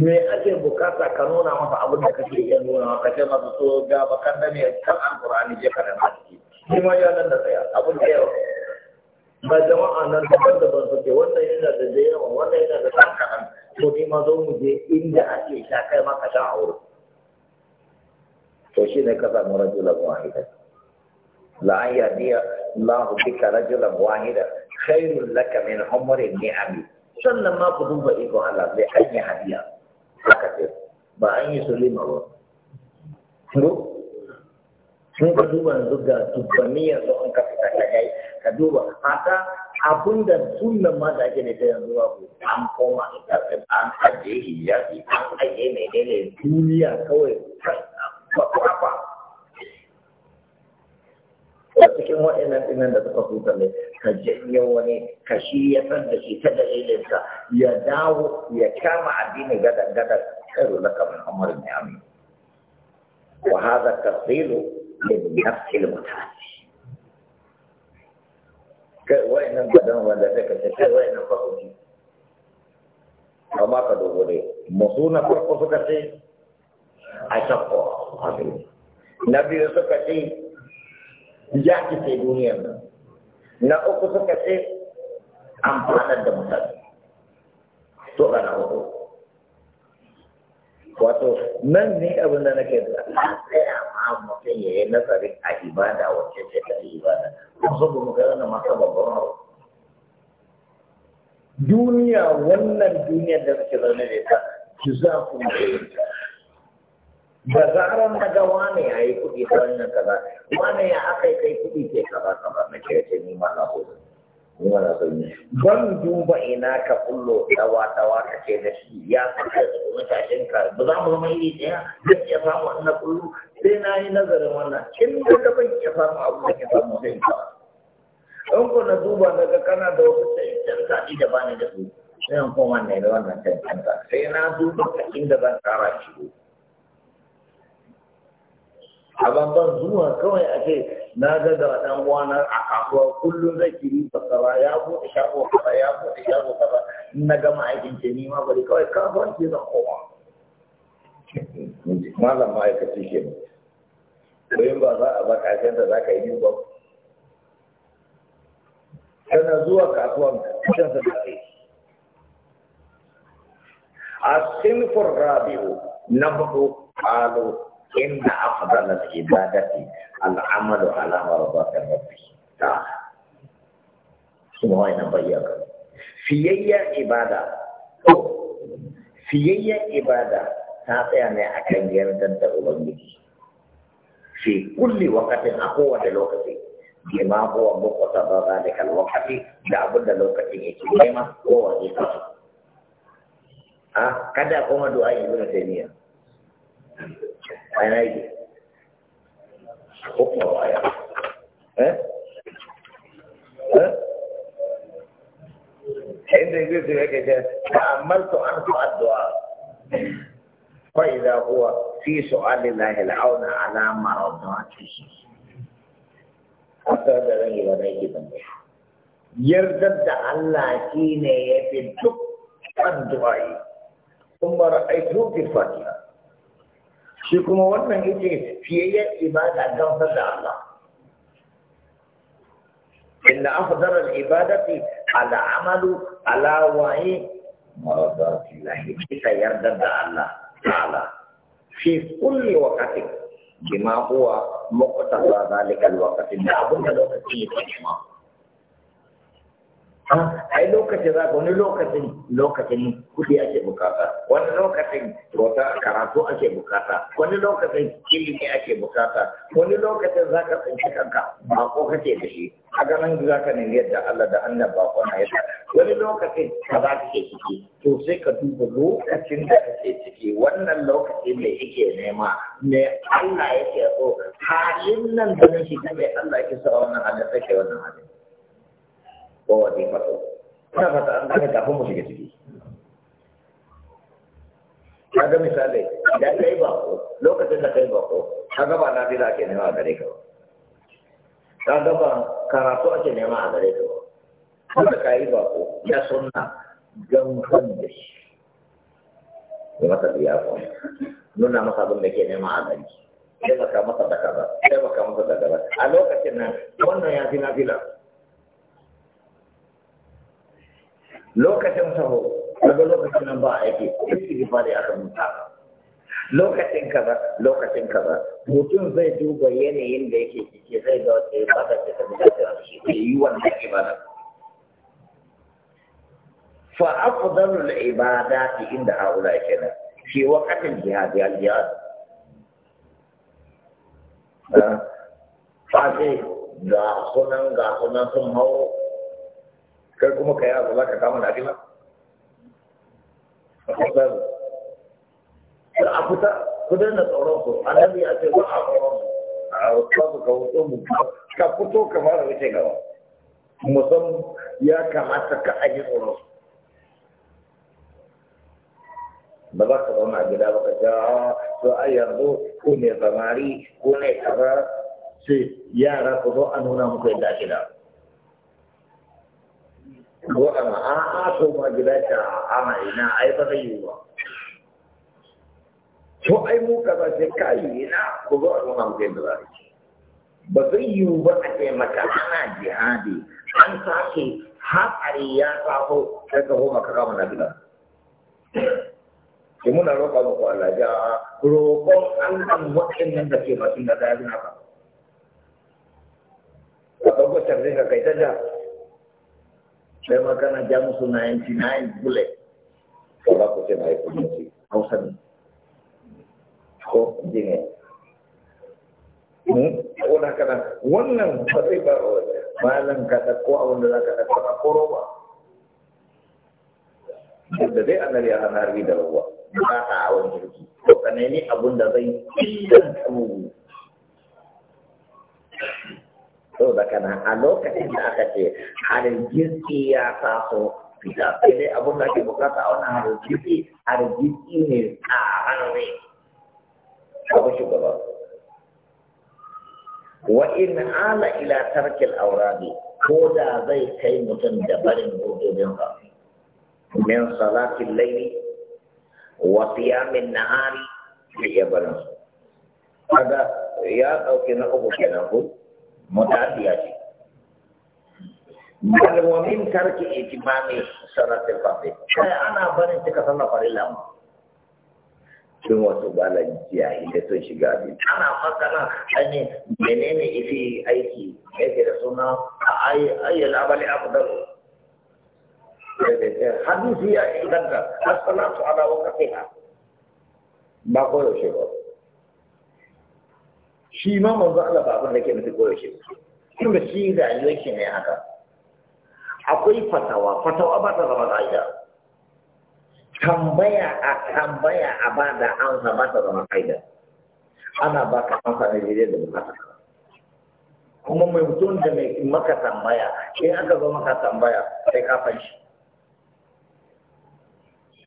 me ake bukata ka nuna masa abin da kake iya nuna wa ce masa so ga bakan da ne kan alqur'ani je ka da shi Ni ma ya nan da tsaya abin da yawa ba jama'a nan daban daban suke wannan yana da da yawa wannan yana da ɗan kaɗan to ni ma zo mu je inda ake sha kai maka sha a wurin to shi ne ka samu rajulan wahidan la an yadiya Allah bika rajulan wahidan khairul laka min humrin ni'ami sannan ma ku duba iko Allah bai an yi hadiya haka ce ba an yi sulima ba ko sun ka duba yanzu ga dubbani yanzu an ka fita ka gai ka duba haka abin da sunan ma da ake da yanzu ba ku an koma da an ajiye hijabi an ajiye mai daidai duniya kawai ba apa. Tapi semua cikin waɗannan ɗinan da suka kuta ne ka janyo wani ka shi ya san da shi ta ya dawo ya kama addini gadan gada kairu na kamar Umar bin Amin wa hadha tafsilu lin nafsi al-mutasi kai wa'annan gadan wanda take ce kai wa'annan fasoji amma ka dogo ne masu na A Na biyu suka أشق عظيم نبي duniyar. كتير جاكي في دنيا نأكو سكتير أمبانا دمتاني to rana hudu wato nan ne abin da nake da tsaya ma mutum ya yi nazarin a ibada wacce ce ta ibada kuma saboda mu gana masa babban abu duniya wannan duniyar da suke zaune da ita ki za ku mu da zarar na ga wane ya yi kuɗi ta wannan kaza wane ya aka yi kai kuɗi ke kaza kaza na ke ce ni ma na hoto ni ma na sani ban duba ina ka kullo dawa dawa ka ce da shi ya kasa da kuma tashin ka ba za mu zama iri ɗaya zan iya samu wannan kullo sai na yi nazarin wannan in da ka ban iya samu abu da ke samu zai yi ka in ko na duba na ga kana da wasu ka ni da ba ni da su sai in koma na yi da wannan ka sai na duba inda zan kara shi a banban zuwa kawai a ce na ga da ɗan uwana a kasuwa kullum zai kiri fasara ya bude shago kaza ya bude shago kaza na gama aikin ce ni ma bari kawai kasuwanci zan koma malam ma'aikaci ke ne ba za a ba kashin da za ka yi ba Kana zuwa kasuwan kusan sa da a sinfin rabi'u na hudu ƙalo inna afdal al-ibadati al amal ala marbatin rabbi ta'ala semua yang bayangkan fiyya ibadah oh. fiyya ibadah Si tsaya waktu akan yardar da ubangiji fi kulli waqtin ada kowace lokaci bima huwa muqtada zalika alwaqti lokasi. abin da lokacin yake nema lokasi. Ah, a kada mau du'a ibu nasinya. أين يجي خطة رائعة ها ها عند يجلس هيك تأملت أرجع الدعاء فإذا هو في سؤال الله العون على مرضاته هذا له وليه بنيه يردد الله حين يفي الدعاء ثم رأيته في الفاتحة shi kuma wannan yake fiyayyar ibada gamsar da Allah inna afdal ibada ibadati ala amalu ala wa'i maradati lahi kita yarda da Allah ta'ala fi kulli waqti bima huwa muqtada zalika wakati waqti da abun da lokaci yake kuma ai lokacin za wani lokacin lokacin kudi ake bukata wani lokacin wata karatu ake bukata wani lokacin ilimi ake bukata wani lokacin za ka tsinci kanka ba ko kake da shi a ganin za ka nemi yadda Allah da Allah ba ko na yadda wani lokacin ka za ka ke ciki to sai ka duba lokacin da kake ciki wannan lokacin da yake nema me Allah yake so halin nan da shi ne Allah yake sa wannan halin sai wannan halin ko wazifatu ina fata an gane kafin mu shiga ciki kaga misali idan kai bako kata dia kaya bako kaga ba nanti bila ke nema a gare ka ba kaga ba karatu ake nema a gare ka ba kuma ka yi bako ya sunna gamsan da shi ya masa biya ko nuna masa abin da ke nema a gari sai baka masa da kaza sai baka masa da kaza a lokacin nan wannan ya fi na lokacin saho daga lokacin nan ba aiki istighfari aka muta lokacin kaza lokacin kaza mutum zai duba yanayin da yake cike zai ga wata ba ta ta da shi ke yi wannan ibada fa afdalul ibadati inda haula kenan shi wakatin jihad ya jihad ah, fa sai ga sunan ga sunan sun hawo kai kuma ka yaza za ka kama da adila da a fita ku na tsoron su nan ya ce ba a tsoron a wasu ka wuce mu ka fito ka fara wuce gaba musamman ya kamata ka aji tsoron su ba za ka zauna a gida ba ka ce ah, to a yanzu ko ne samari ko ne kaza sai yara ku zo a nuna muku yadda ake da waɗanda a, aso ma gida ta ana ina ai ba zai yi ba to ai mu kaza sai kayi ina ku zo a nuna mutum da zai ba zai yi ba a ce maka ana jihadi an sake hatsari ya taho sai ka koma kama na gida ki muna roƙa muku Allah ja roƙon Allah waɗannan da ke masu da zai na ba ka ɗauko tarzi ka kai ta da sai ma kana ja musu 99 bullet ko ba ku ce mai kudi hausa ne ko jinga eh? hmm? kana wannan ba ba malam ka da ko abin da za kana ko da dai an ya hana da ruwa ba a awon jirgi to ka da zai illan tabugu to da kana a lokacin da aka ce harin jirgi ya taso fita sai dai abin da ake bukata a wannan harin jirgi harin jirgi ne a hannu abu shugaba wa in ala ila tarkil auradi ko da zai kai mutum da barin gudubin ba min salatin laili wa siyamin nahari da iya barin su kaga ya dauke na uku kenan ko mutadiya ce malmomin tarki itimami sarrafin fafi kai ana barin cika sallar farilla mu sun wasu balan jahilai sun shiga abin ana magana ainihin menene ifi aiki a da suna a ayyana bali afdal hadisi ya inganta as-salatu ala waqtiha ba ko yaushe ba shi ma manzo Allah ba abin da ke nufi shi? tun da shi rayuwar shi ne haka akwai fatawa fatawa ba ta zama ka'ida tambaya a tambaya a ba da an zama ta zama ka'ida ana ba ka ansa ne daidai da bukata kuma mai mutum da mai maka tambaya sai aka zo maka tambaya sai ka fanshi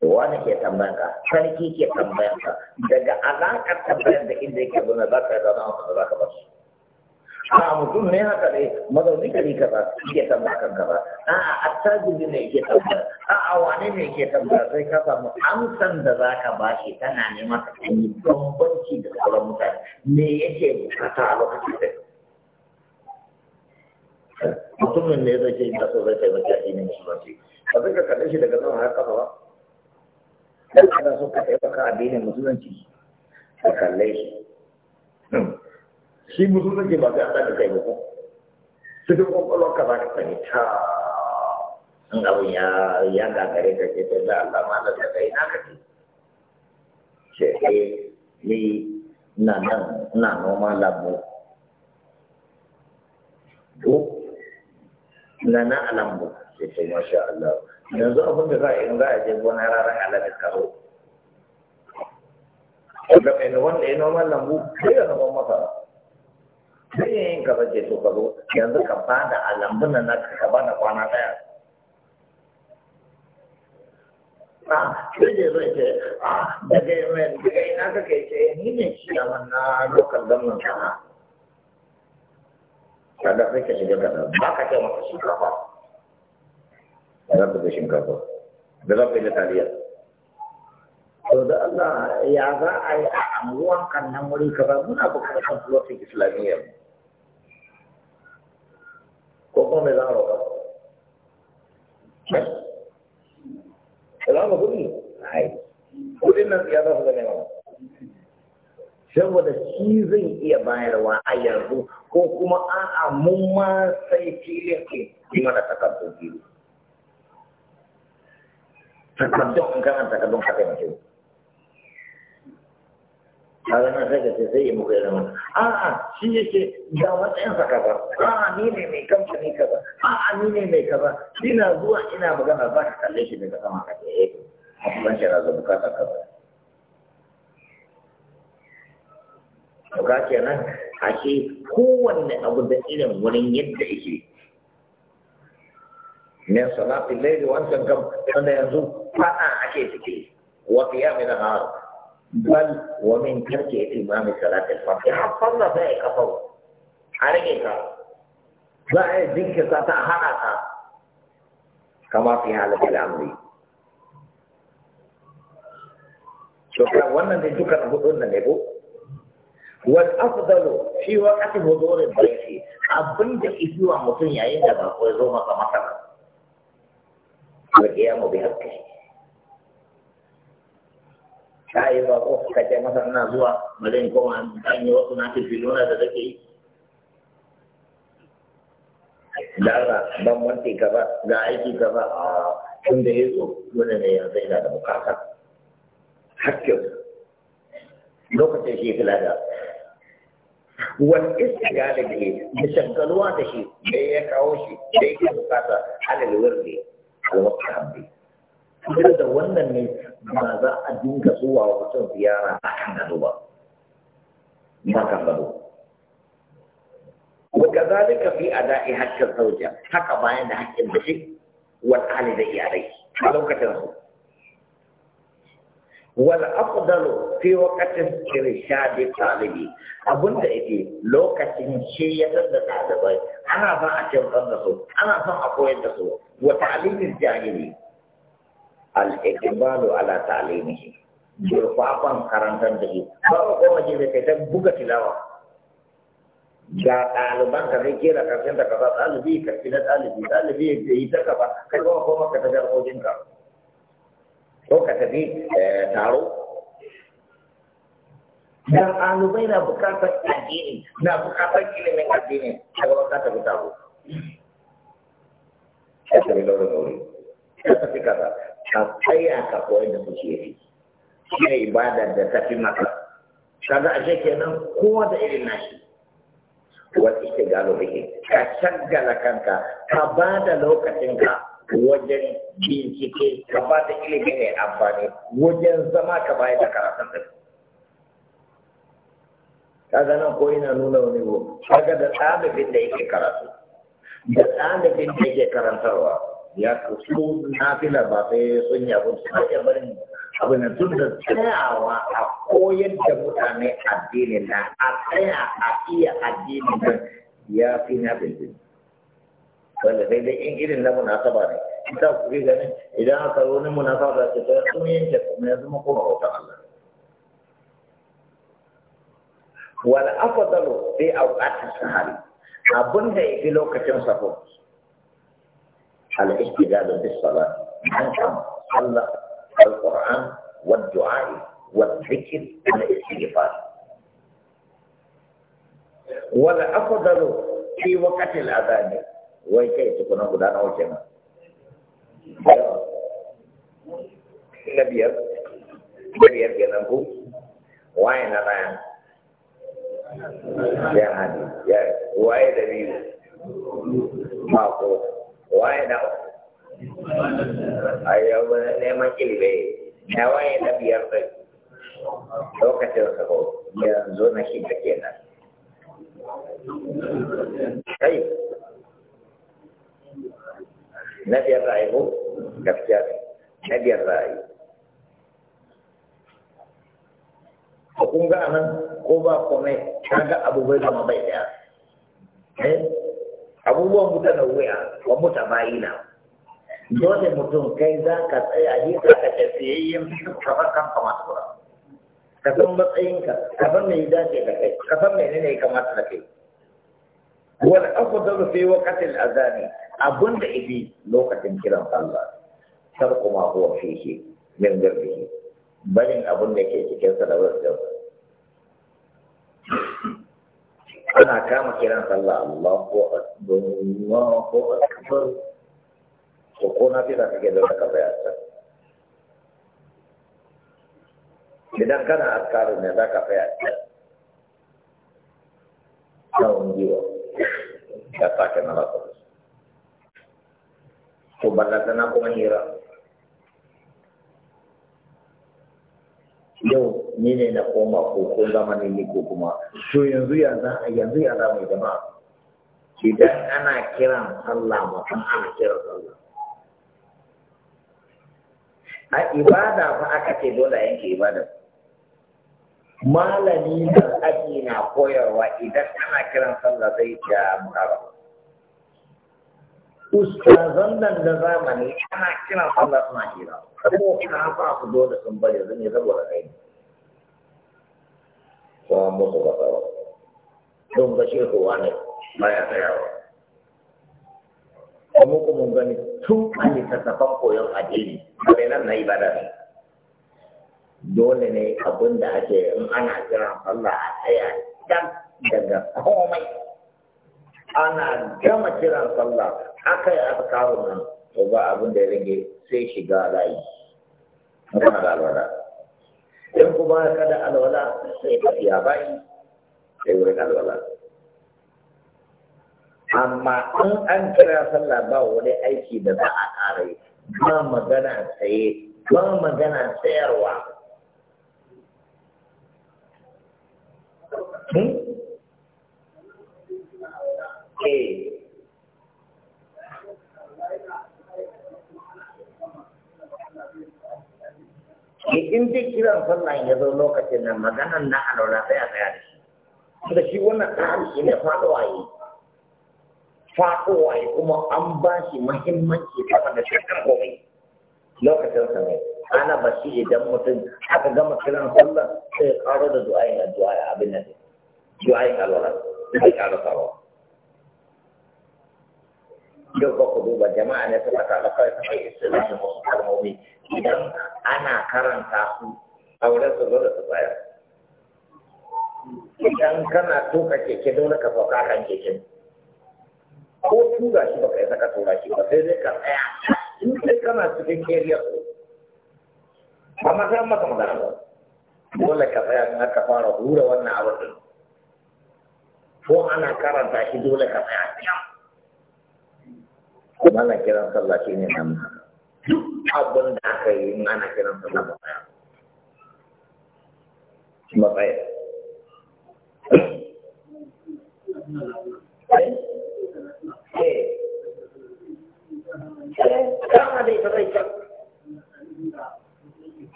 wani ke tambayan ka sarki ke tambayan ka daga alaƙar tambayan da inda yake zaune za ka zauna a da za ka basu a mutum ne haka ne mazauni ne kaza ke tambayan kan kaza a a attajin ne ke tambayan a a wane ne ke tambayan sai ka samu amsan da za ka bashi tana nema ka yi bambanci da sauran mutane me yake bukata a lokacin da mutumin ne zai ce ina so zai taimaki a ilimin shi ba ce ba zai ka kalle shi daga zama har kafa ba sai kana so ka taimaka addinin musulunci ka kalle shi hmm. shi musulunci ba sai Allah kai ba sai ka ka ya ya ke da Allah ma da kai na ka ce ce eh, ni na nan na noma na na alambu sai masha Allah yanzu abin da za a yi za a je gona ranar alamis karo da mai wanda ya noman lambu sai ya noman masara sai ya yin kaza ce to ka zo yanzu ka bada a lambun nan naka ka bada kwana daya a ah, sai da zai ce a ah, daga mai daga ina ka kai ce eh, ni ne shi da na lokal gwamnan kana kada sai ka shiga kada ba ka ce ka shinkafa da za ku shinkafa da za ku yi da taliya to da a yi a anguwan kan nan wuri kaza muna bukatar islamiyya ko kuma mai zama roƙa Salamu kuɗi? Ai, kuɗin nan ya za su zama Saboda shi zai iya bayarwa a yanzu ko kuma a'a mun ma takardun in kana takardun ka taimake mu a ranar sai ka ce sai yi muka zama a'a shi yake ga matsayin sa kaza a'a ni ne mai kamfani kaza a'a ni ne mai kaza ina zuwa ina magana za ka kalle shi daga sama ka ce eh mutum shi na da bukatar kaza to ka kenan ashe kowanne abu da irin wurin yadda yake min salatin laili wancan kam yanzu faɗa ake ciki wa qiyamil nahar bal wa min tarki imam salat al-fajr har falla sai ka fawo a rage ka za a yi jinkirta ta hana ka kama fi halatul amri shukran wannan ne dukkan hudun nan ne ko wal afdalu fi waqti huduri dhayfi abin da ifi wa mutum yayin da ba ko zo maka masana wa qiyamu bi haqqihi ka yi ba ko ka ce masa ina zuwa bari in koma an yi wasu na filona da take yi da Allah ban wanke gaba ga aiki gaba a tun da ya zo dole ne yanzu ina da bukatar hakkin lokacin shi fi lada wani iska istigali da ke, ya shagalwa da shi da ya kawo shi da ya ke bukata halal wurdi alwakar hamdi kuma da wannan ne ba za a dinga zuwa wa mutum ziyara a kan gado ba ba kan gado وكذلك في أداء حق الزوجة حق ما عند حق المشي والوالدي عليه معلوم كتنه والأفضل في وقت إرشاد طالبي أبن تأتي لو كتن شيء يتد تعذبي أنا فأتي وقدسه أنا فأقوي الدسه وتعليم الجاهلي al-iqbalu ala ta'limihi jirfafan karantar da shi ba ko waje da kai ta buga tilawa ga ɗaliban ka zai kera karshen da kaza ɗalibi ka fi na ɗalibi ɗalibi ya yi ta gaba kai kuma kuma ka tafi harkokin ka ko ka tafi taro dan ɗalibai na bukatar addini na bukatar ilimin addini a gaba ka tafi taro ya tafi laurin aure ya tafi kaza ka tsaya ka koyar da kuke yi shi ne ibada da ta fi maka kaga ashe kenan kowa da irin nashi ita galo bihi ka shaggala kanka ka ba da lokacinka wajen bincike ka ba da ilimi ne amfani wajen zama ka bayar da karatun da kaga nan ko yana nuna wani ko kaga da ɗalibin da yake karatu da ɗalibin da yake karantarwa ya su nafila ba sai sun yi abin suna iya barin abu na tun da tsayawa a koyar da mutane addini na a tsaya a iya addini nan ya fi na bilbili wanda sai dai in irin na munasaba ne ita ku ke ganin idan aka zo ni munasaba da ce ta sun yanke kuma ya zama kuma wata Allah wal afdalu fi awqati sahari abinda yafi lokacin safo الاستجابة بالصلاة عن صلى القرآن والدعاء والذكر والاستغفار والأفضل في وقت الأذان وكيف تكون قدان أو جماعة نبيار نبيار جنبه وين أنا يا هادي يا وين نبيار ما قلت waye da ayo neman ilimi na waye da biyar da lokacin sa ko yanzu na shi da kena. kai na biyar da aibu gaskiya na biyar da aibu kun ga anan ko ba komai kaga abu bai bai daya abubuwan wuya, wa mutabayina dole mutum kai za ka tsaya ne za ka tafiyayyen fitin kamar kan kamata kura ka san matsayinka ka san mai dace da kai ka san mai nene kamata da kai da afdalu fi wakati al abun abunda ibi lokacin kiran Allah tarku ma huwa min garbi barin abun da ke cikin sa da wasu ana kama kiran sallah Allahu akbar Allahu akbar to ko na fi da kake da ka bayar idan kana askaru ne za ka tsaya tsawon giwa ya sake na rasu Ko ballata na kuma hira yau ni ne na koma ko ko zamani ne ko kuma to yanzu ya za a yanzu ya za mu jama'a idan ana kiran sallah mutum ana kiran sallah a ibada fa aka ce dole yanke ibada malami da aji na koyarwa idan ana kiran sallah zai ta mutara ustazan nan da zamani ana kira sallah suna hira ko ka ba su dole sun bari zan yi saboda kai ko musu ba tsawo don ba ga ne ba ya tsayawa kuma mun gani tun a littattafan koyon addini kare nan na ibada ne dole ne abin da ake in ana kiran sallah a tsaya daga komai ana gama kiran sallah aka yi azkarun nan to ba abin da ya rage sai shiga layi kuma da alwala in kuma ka da alwala sai tafiya bayi sai wurin alwala amma in an kira sallah ba wani aiki da za a kare ba magana tsaye ba magana tsayarwa hmm? in dai kiran sallan ya zo lokacin nan maganan na alaura sai a tsaya da shi da shi wannan tsari shi ne faɗuwa yi faɗuwa kuma an ba shi muhimmanci sama da cikin komai lokacin sa ne ana ba shi idan mutum aka gama kiran sallah sai karo da du'ayin na du'ayin abin nan du'ayin alaura sai karo sawa yau ba ku duba jama'a ne suka kala kawai suka yi sirrin musulmi idan ana karanta su auren su da su bayar idan kana tuka keke dole ka sauka kan keken ko tura shi baka isa ka tura shi ba sai zai ka tsaya in sai kana cikin keriyar su amma sai maka magana ba dole ka tsaya in aka fara hura wannan abin din ko ana karanta shi dole ka tsaya kuma na kiran sallah shi ne nan abin da aka yi in ana kiran sa na matsaya Kama da ita zai can.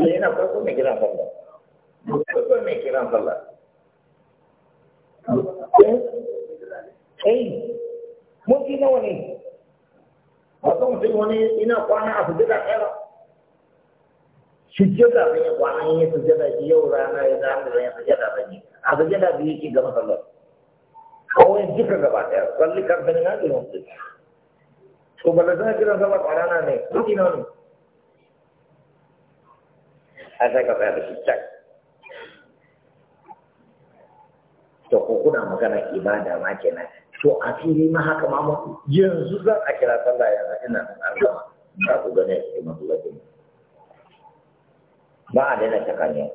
Eh, eh. eh. nawa ne? wata mutum wani ina kwana a sujada ɗaya ba sujada zai yi kwana yin yi sujada shi yau rana ya zama da yin sujada zai yi a sujada biyu ki gama sallar kawai duka gaba ɗaya tsalli kamfanin na ɗin mutum to ba da zai kiran sallar kwana na ne duk ina ne a sai ka tsaya da shi cak to ko kuna magana ibada ma kenan to a fili ma haka ma mu yanzu za a kira sallah yanzu ina nan an za ku gane a cikin masallacin ba a daina ta shakaniya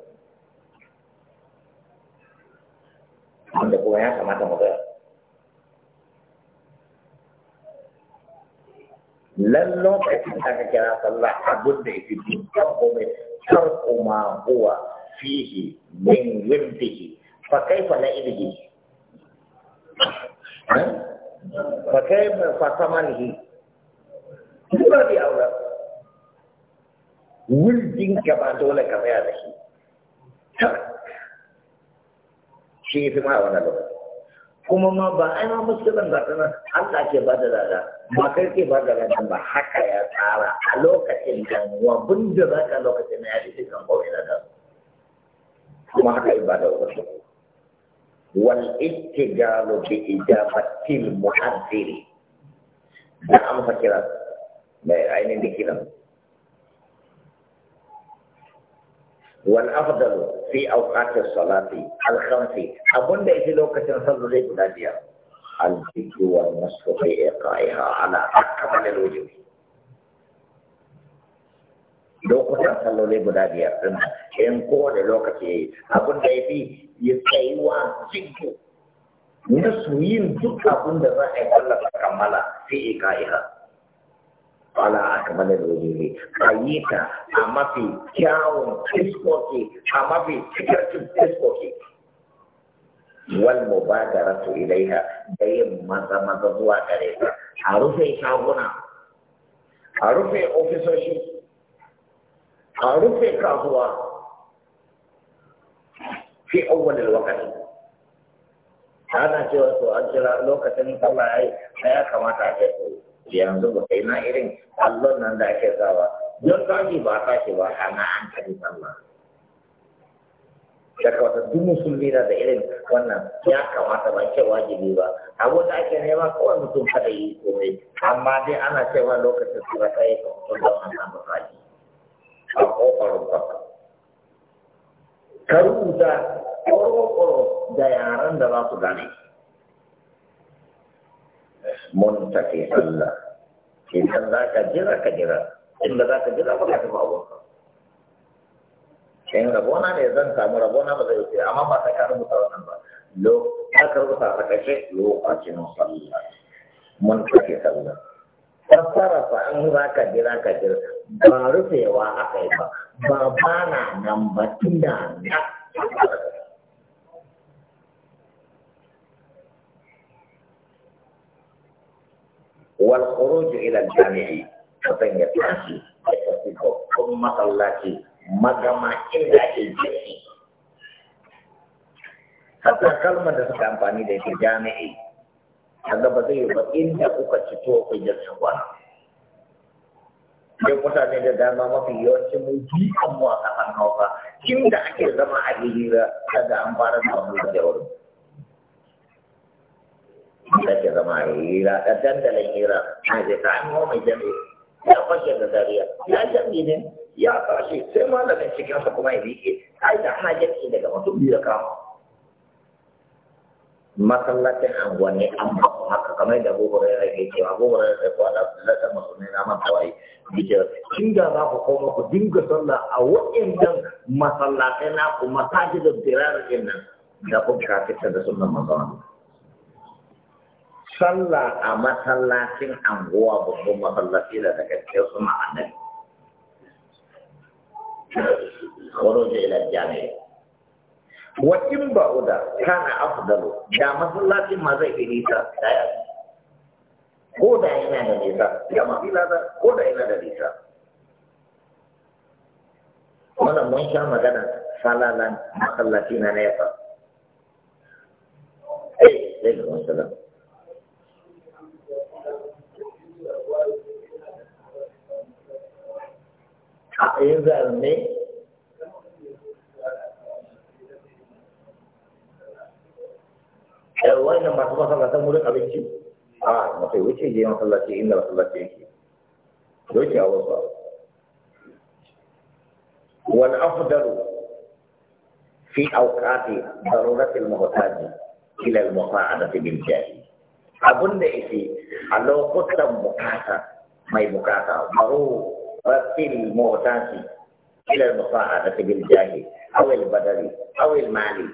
wanda kuma ya kamata mu gaya lallon ƙarfin da aka kira sallah abin da yake dukkan komai tarko ma huwa fihi min yirdihi fa kaifa la ilhi فكيف فثمنه ba da aura wuljin ka ba dole ka tsaya da shi shi fi ma wani lokaci kuma ma ba ai ma musulun ba tana Allah ke ba da lada ba kai ke ba da lada ba haka ya tsara a lokacin da wa bunda za ka lokacin na ya fi kan kawai lada kuma haka yi ba da wani Wani ita jalo biyi jama'in mu hadiri na amsa kilasi? Me aini ne kila? Wani abudulai sai auka ce salasi al'amfi? Ago lokacin da ta zube da zi a? An daki wannan sosai. Me yaka ka Ana aƙa ma lokutan salloli guda biyar din in kowane lokaci ya yi abin da ya fi ya tsayuwa cikin na su yin duk abin da za a yi kallasa kammala sai ya ha wala a kamar da a yi ta a mafi kyawun fiskoki a mafi cikakken fiskoki wal mubadaratu ilaiha da yin maza maza zuwa gare ta a rufe shaguna a rufe ofisoshi a rufe kasuwa fi awwalil waqti ana cewa to an jira lokacin sallah yayi ya kamata a kai yanzu ba kai na irin allon nan da ake sawa don tashi ba tashi ba ana an kai sallah da kawata duk musulmi na da irin wannan ya kamata ba ce wajibi ba abu da ake nema kawai mutum kada yi komai amma dai ana cewa lokacin sallah kai ka mutum da wannan masaji a kofar baka ka rubuta ƙoro-ƙoro da yaran da za su gane mun tafi Allah idan za ka jira ka jira inda za ka jira ba ka tafi abokan in rabona ne zan samu rabona ba zai wuce amma ba ta ka rubuta wannan ba lo ta ka rubuta ta kashe lokacin sallah mun tafi sallah fassara fa an za ka jira ka jira ba rufewa aka yi ba ba ba na nan ba tuna na wal khuruj ila jami'i mutum ya tashi ya tafi babban masallaci magama inda ake jami'i hatta kalmar da suka amfani da ita jami'i a gaba zai yi ba inda kuka ci to ku jirgin wani. kusa ne da dama mafi yawancin mu bi kan mu a kafan hausa inda da ake zama a hijira kada an fara da wani da wani da ke zama a hira da dandalin hira na je ta an mai jami'i ya fashe da dariya ya jami'i ne ya fashe sai malamin cikinsa kuma ya ke ai da ana jami'i daga mutum biyu da kama masallacin anguwanni an ba su haka kamar da abu hurairar ke cewa abu hurairar da kuwa da musulmi na man tawaye bikin inda za ku koma ku dinga sallah a waɗannan masallatai na ku masajidin firar ɗin nan da kun kafita da sunan mazauni sallah a masallacin anguwa babban masallaci da daga cikin suna annabi. Kwaro je ila jami'a. wa in ba uda kana afdalu da masallacin ma zai fi nisa da ya ko da yana da nisa ya ma fi lada ko da yana da nisa wannan mun sha magana salalan masallaci na nefa eh zai ga masallaci ah, a yanzu ne wannan masu masallatan wurin abinci a mafi wuce je masallaci inda masallaci yake doki a wasu wal afdalu fi awqati darurati al muhtaj ila al musa'adati bil jahi abunda yake a lokutan bukata mai bukata baro ratil muhtaj ila al musa'adati bil jahi aw al badali aw al mali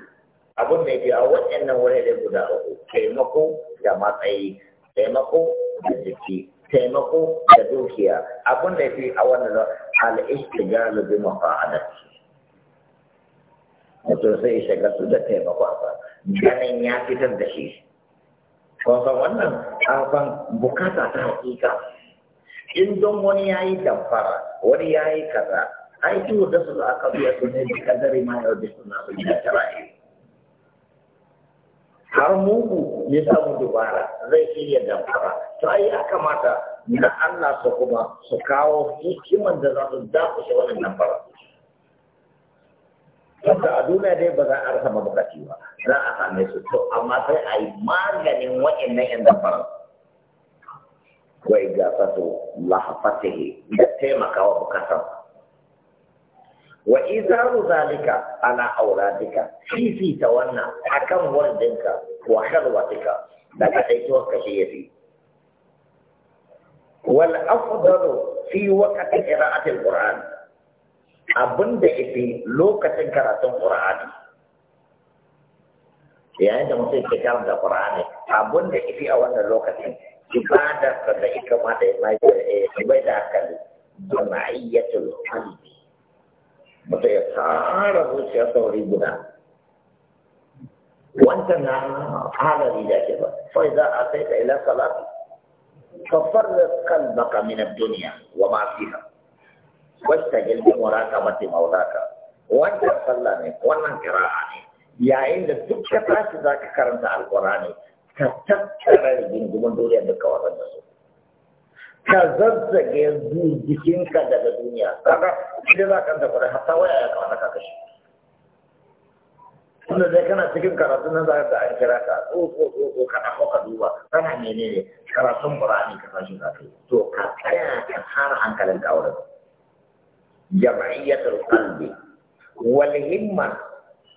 abin biya ke nan waɗannan da guda uku taimako da matsayi taimako da jiki taimako da dukiya abin da fi a wannan al'ishtigalu bi mafa'alati mutum sai shiga su da taimakon sa ganin ya fitar da shi kun wannan an bukata ta hakika in don wani ya yi damfara wani ya yi kaza ai ciwo da su aka biya su ne da kadari ma yau da suna su da har mugu ya samu dubara zai iya damfara to ai ya kamata na Allah su kuma su kawo hikiman da za su shi wannan damfara Tunda a duniya dai ba za a rasa mabukaci ba za a same su to amma sai a yi maganin waɗannan yan damfara wai ga fato lahafatihi da taimakawa bukatar wa izaru zalika ala auratika ta wannan akan wandinka wa khalwatika da ka dai to ka shi fi. wal afdalu fi waqti qira'ati alquran abinda fi lokacin karatun qur'ani yayin da mutum ke karanta qur'ani abinda fi a wannan lokacin ibada da ita ma da mai da bai da kalli jama'iyyatul qalbi mutum ya tsara zuciya sauri guda wancan na halari da ke ba sai za a sai ka ila salati ففرق قلبك من الدنيا وما فيها واستجل بمراقبة مولاك وانت صلاني وانا قراءاني يا عند دكتك تاسي ذاك كرمت القرآن تتكرر من دون دولي بك ورنسو ka zazzage jikinka daga duniya kaga idan za ka dafa hatta waya ya kawo ka kashi tunda dai kana cikin karatu na za da an kira ka tsotso tsotso ka dafa ka duba kana menene karatun burani ka tashi za ka yi to ka tsaya ka fara hankalin ka wurin jama'iyyatul qalbi wal himma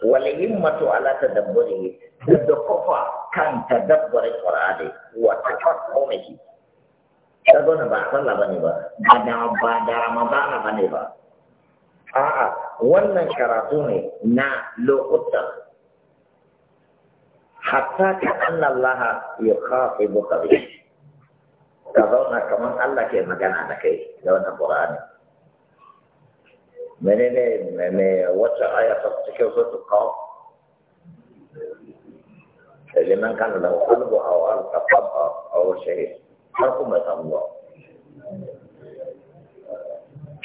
wal himmatu ala tadabburihi da kofa kan tadabburin qur'ani wa tafakkumihi ka gona ba sallah bane ba ba da ba da ramadana bane ba a'a wannan karatu ne na lokuta hatta ka anna Allah ya khatibu ka ka zauna kamar Allah ke magana da kai da wannan Qur'ani menene mene wata aya ta cikin suratul qaf liman kana lahu qalbu aw alqa qab'a aw shahid farko bai samu ba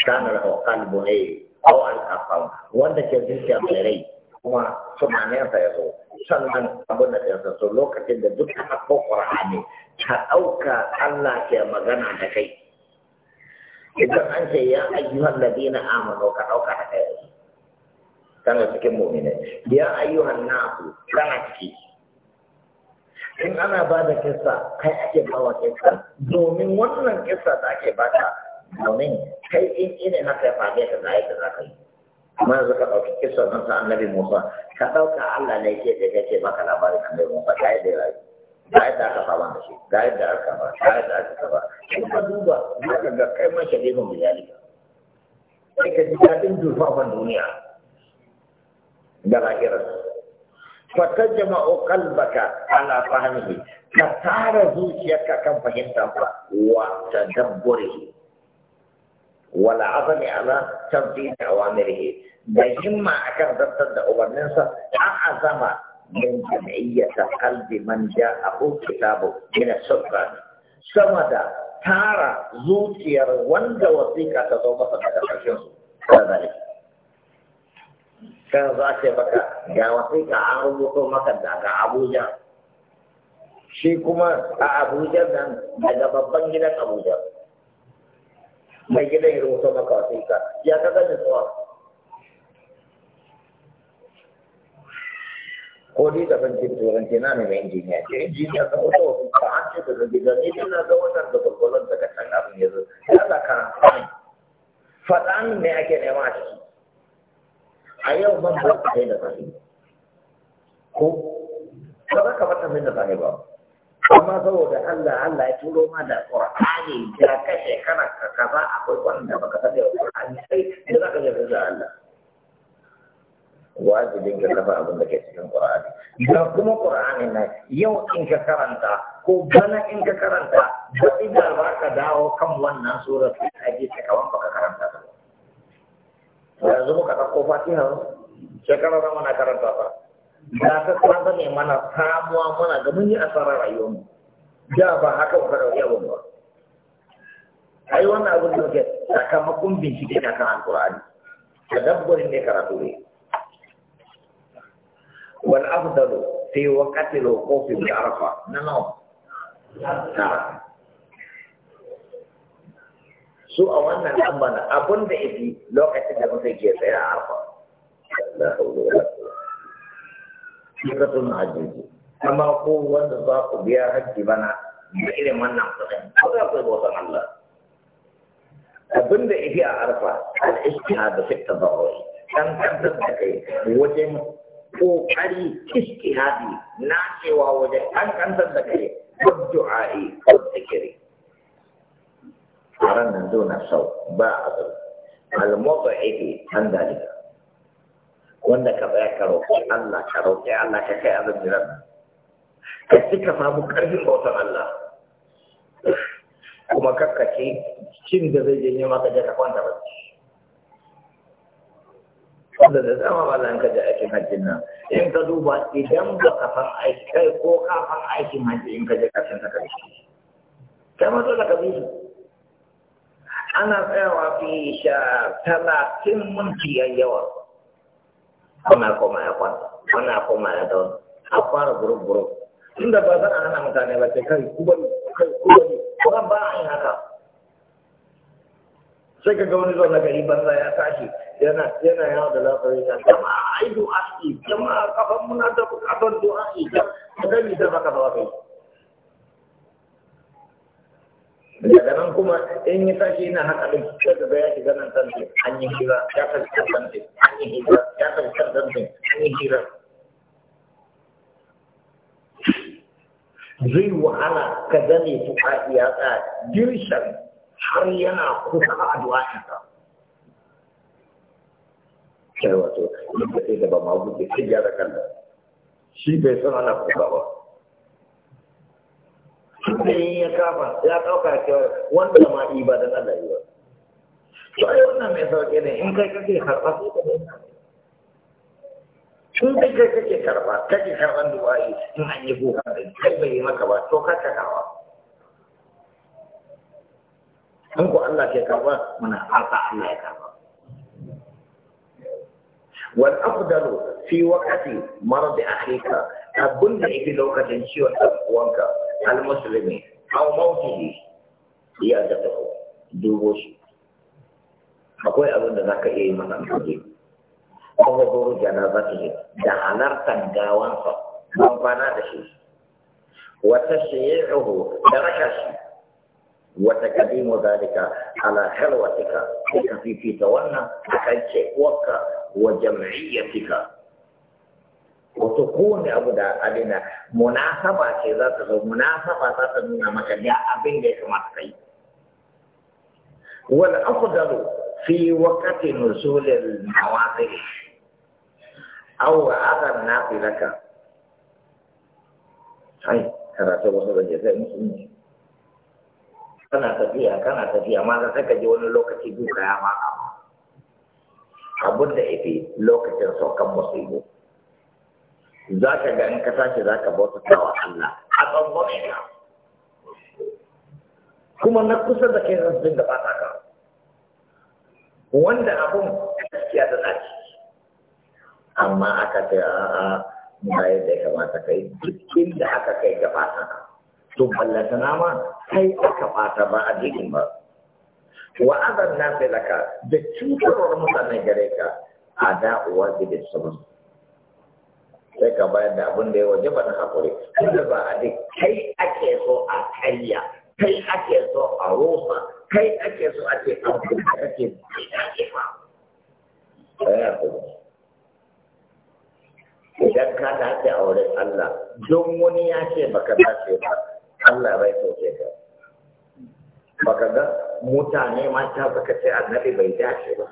shanar hokal bune ko al'afam wanda ke zuciya mai rai kuma tunaninsa ya zo sannan abin da ya so lokacin da duk aka ko ƙur'ani ta ɗauka Allah ke magana da kai idan an ce ya ayyuhan ladina amanu ka ɗauka da kai kana cikin mu'mini ya ayyuhan nasu kana ciki in ana ba da kisa kai ake bawa kisa domin wannan kisa da ake ba ta domin kai in ina na kai fage ta da yadda zaka yi amma yanzu ka ɗauki kisa nan ta annabi musa ka ɗauka allah ne ke da kake maka labarin annabi musa ka yi da rayu ga yadda aka fama da shi ga yadda aka ba ga yadda aka saba in ka duba za ka ga kai ma shari'in biyali kai ka ji daɗin durfafan duniya da lahirarsu fatajma qalbaka ala fahmihi ka tara zuciyarka kan fahimta ba. wa tadabburihi wala azami ala tabdil awamirihi da himma akan zartar da umarninsa a azama min jam'iyyata qalbi man ja'ahu kitabu min as sama da tara zuciyar wanda wasiƙa ta zo masa da ƙarshen su kada kan za ce baka ga wasiƙa an rubuto maka daga abuja shi kuma a abuja nan daga babban gidan abuja mai gidan ya rubuto maka wasiƙa ya ka gani tsawa ko ni da ban cin turanci na ne mai injiniya ce injiniya ta wasu wasiƙa an ce da zai ni ne na ga wannan da gwagwalon daga can abin yanzu ya za karanta faɗa ne ake nema a ciki a yau ban ba ta kai da ko ba za ka bata min da sahi ba amma saboda Allah Allah ya turo ma da Qur'ani ya kashe kana ka kaza akwai wanda baka san da Qur'ani sai da ka je da Allah wajibin ka kafa abin da ke cikin Qur'ani da kuma Qur'ani na yau in ka karanta ko bana in ka karanta ba idan ba ka dawo kan wannan sura ta ka je ka karanta yanzu muka ɗauko fatiha shekarar orang mana karanta apa? da ta yang mana samuwa mana gemunya mun yi asarar rayuwarmu da ba haka kuka ɗauki abin ba ai wannan abin da ke sakamakon bincike na kan alkur'ani tadabburin ne karatu ne wal afdalu fi waqti al-wuquf bi arafa na nawa su a wannan lambana abin da ifi lokacin da mutum ke tsaye a arfa la haula wala quwwata hajji amma ko wanda za ku biya hajji bana da irin wannan kudin ko za ku yi bautan Allah abin da ifi a arfa al-ishtiha da fitta zawai kan kantar da kai wajen kokari istihadi na cewa wajen kan kantar da kai ko du'a'i ko zikiri sau قرنا دون الصوت باع المضعف عن ذلك wanda ka baya ka roƙi Allah ka roƙi Allah ka kai abin jiran ka ci ka samu ƙarfin bautan Allah kuma kakkace cin da zai janyo maka je ka kwanta ba. wanda da dama ba zan ka je aikin hajjin nan in ka duba idan ba ka san aiki kai ko ka san aikin hajji in ka je ƙarshen ta karshe kai ma dole ka bi ana tsayawa fi sha talatin minti ya yawa ana kuma ya kwanta ana kuma ya dauna a fara buruk-buruk inda ba za a hana mutane ba ce kai kubali kai kubali kuma ba a yi haka sai ka ga wani zuwa na gari banza ya tashi yana yana yawa da labarai ta jama'a ai du'a'i a kafan muna da bukatar du'a'i da gani da baka ba kai daga nan kuma in ya tashi na haka ɗin sai da ya shiga nan tantin an yi hira ya tafi kan tantin an yi hira ya tafi kan tantin an yi hira zai wahala ka gane su a iyaka girshen har yana kusa a duwatsa wato yadda ma buɗe sai gyara shi bai san ana tunda yin ya kafa ya ɗauka kyau wanda ma yi ba don Allah yi ba. To ai wannan mai sauƙi ne in kai kake karɓa sai ka daina. Tun da kai kake karɓa kake karɓan du'a'i in an yi kuka da kai bai yi maka ba to ka kawa. In ku Allah ke karɓa muna harka Allah ya karɓa. والأفضل في وقت مرض أخيك أبن lokacin ciwon شيء وانك المسلم أو موته زيادته دوبوش akwai abin da za ka iya yi mana amfani kuma goro janazatihi da halartar gawansa don kwana da shi wata shi'i'uhu da raka shi wata kadimu zalika ala halwatika sai ka fifita wannan akan ce uwarka wa jam'iyyatika wato kowane abu da da munasaba ce za ta zo munasaba za ta nuna maka ya abin da ya kamata kai wal afdalu fi waqti a nawazil aw adan nafilaka ai karatu wasu da musu ne kana tafiya kana tafiya ma za ka ji wani lokaci duka ya ma abun da ya fi lokacin saukan musulmi za ka ga in ka tashi za ka bauta wa Allah a tsangwame ka kuma na kusa da kai zan dinga fata ka wanda abun gaskiya da naci amma aka ce a'a ba yadda ya kamata kai duk da aka kai ga fata ka to ballata nama kai aka fata ba a jikin ba wa azan nafi laka da cutarwar mutane gare ka a da'uwa da sabon sai ka bayar da abin da ya waje ba na haƙuri tunda ba a duk kai ake so a karya kai ake so a rufa kai ake so a ce abin da kake ba a kuma idan ka dace a wurin Allah don wani ya ce baka dace ba Allah bai so sai ka baka ga mutane ta suka ce annabi bai dace ba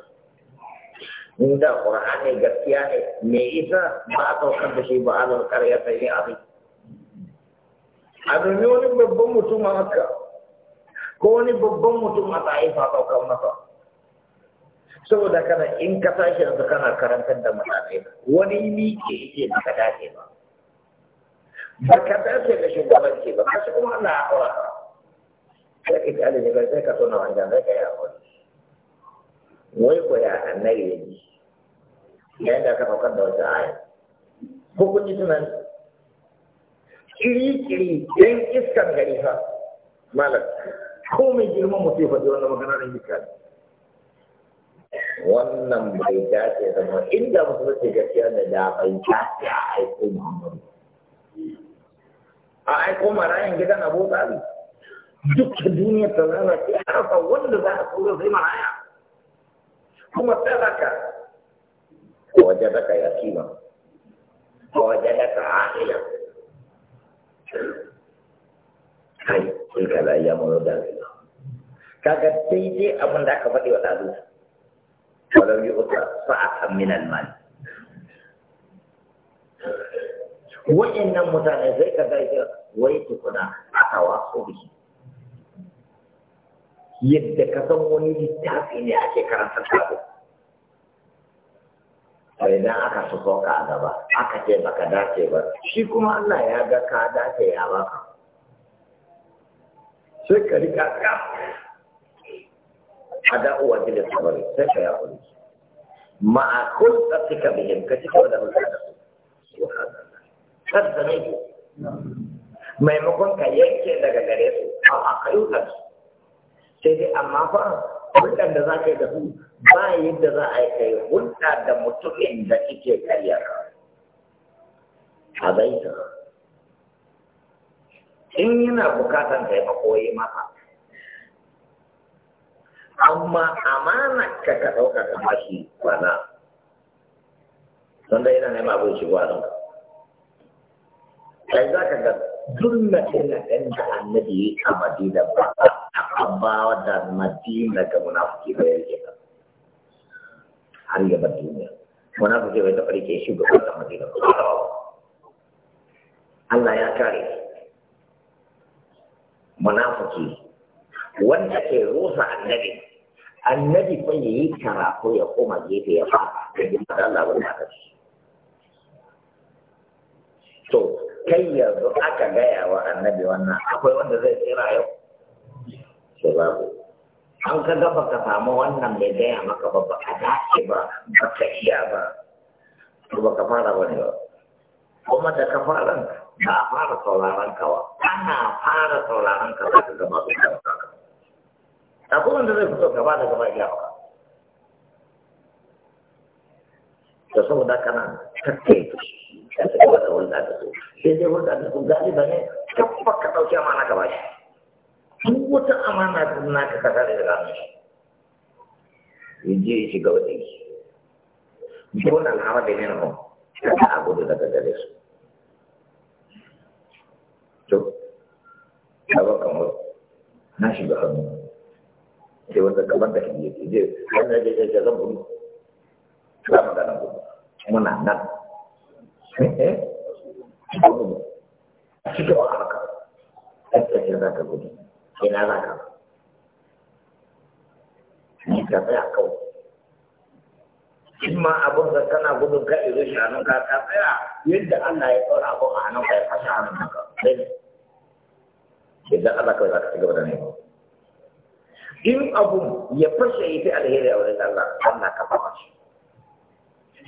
inda qur'ani gaskiya ne me isa ba a saukar da shi ba a zarkar ya sai ne abin a domin wani babban mutum a makka ko wani babban mutum a ta'ifa saukar masa saboda kana in ka tashi yanzu kana karantar da mutane wani miƙe yake ba ka dace ba ba ka dace da shugabanci ba shi kuma ana haƙura ka ƙi ta alibi sai ka so na wanda zai ka yi wai ko ya annabi ya ji yayin da aka saukar da wata aya ko kun ji tunan kiri-kiri yan iskan gari fa malam ko mai girman mutum ya faɗi wannan magana da iska wannan bai dace zama inda musulunci gaskiya da da bai dace a aiko muhammadu a aiko marayan gidan abu tsari duk duniya ta lalace a rasa wanda za a tsoro sai maraya kuma talaka wajadaka yatima wajadaka aila kai tilka la yamuru dalila kaga daidai abin da ka faɗi wa ɗazu walau yi uta sa'atan min almal wa'annan mutane zai ka ga wai tukuna a tawaso bihi yadda ka san wani littafi ne ake karanta sabo sai idan aka suko ka a gaba aka ce baka dace ba shi kuma Allah ya ga ka dace ya baka sai ka rika ka a da'uwa gidan sabari sai ka yaƙuri a kulta suka bihim ka ci da da su kar da ne maimakon ka yanke daga gare su a kai hulɗa sai dai amma fa hulɗar da za ka yi da su ba yadda za a yi kai hulɗa da mutumin da ike karyar a gaita in yana bukatan taimako yi masa amma amana ka ka ɗauka ka mashi kwana sanda yana nema abin shigo a nan kai za ka ga duk na ɗan da annabi a madina ba bawa da madina ga munafik ba ya rike har ya bar duniya munafiki bai taɓa rike shi gaban da Allah ya kare munafik. wanda ke rusa annabi annabi fa yayi karatu ya koma gefe ya fara da bin Allah ba ta shi to kai yanzu aka gaya wa annabi wannan akwai wanda zai tsira yau sai babu an ka ga baka samu wannan mai gaya maka ba baka dace ba baka iya ba to baka fara wani ba kuma da ka fara ba a fara sauraron ka ba ana fara sauraron ka za ka gama su da ka akwai wanda zai fito gaba da gaba iya ba da saboda kana tattaita ka tafi da hulɗa da su sai dai hulɗa da su galiba ne ka ɗauki amana ka ba shi duk wata amana da na ka kasa da rami yaje ya shiga wata yi dole al'amar da ne hau kada a gudu daga gare su to kamar na shiga hannu sai wanda gaban da shi yake zai wannan da yake zan gudu ta magana gudu muna nan haka a cikin gudu ina za ka ma ka ka tsaya yadda Allah ya a hannun ka ya fashe hannun ka za ka in abun ya ya alheri a wurin Allah Allah ka fama shi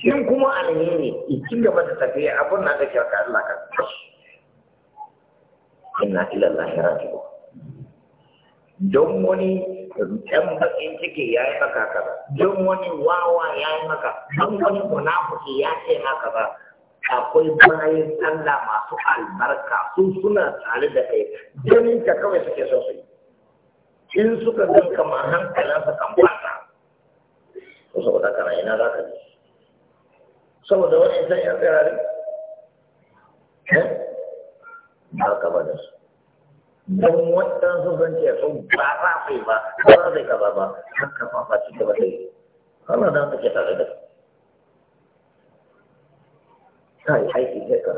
in kuma alheri in gaba da tafiya abun na da kyau ka Allah ka shi. inna ila Allah ya rajibu don wani ɗan bakin ciki ya yi maka ba, don wani wawa ya yi maka don wani munafuki ya ce maka ba akwai bayan Allah masu albarka su suna tare da kai ganin ka kawai suke so su in suka gan kama hankalinsa kan fata ko saboda kana ina za ka ji saboda wani san yan tsirarin eh? ba ka ba da su don waɗansu zan ce sun ba za su yi ba ba za su yi kaza ba har ka fafa ci gaba da yi Allah da take tare da kai aiki sai ka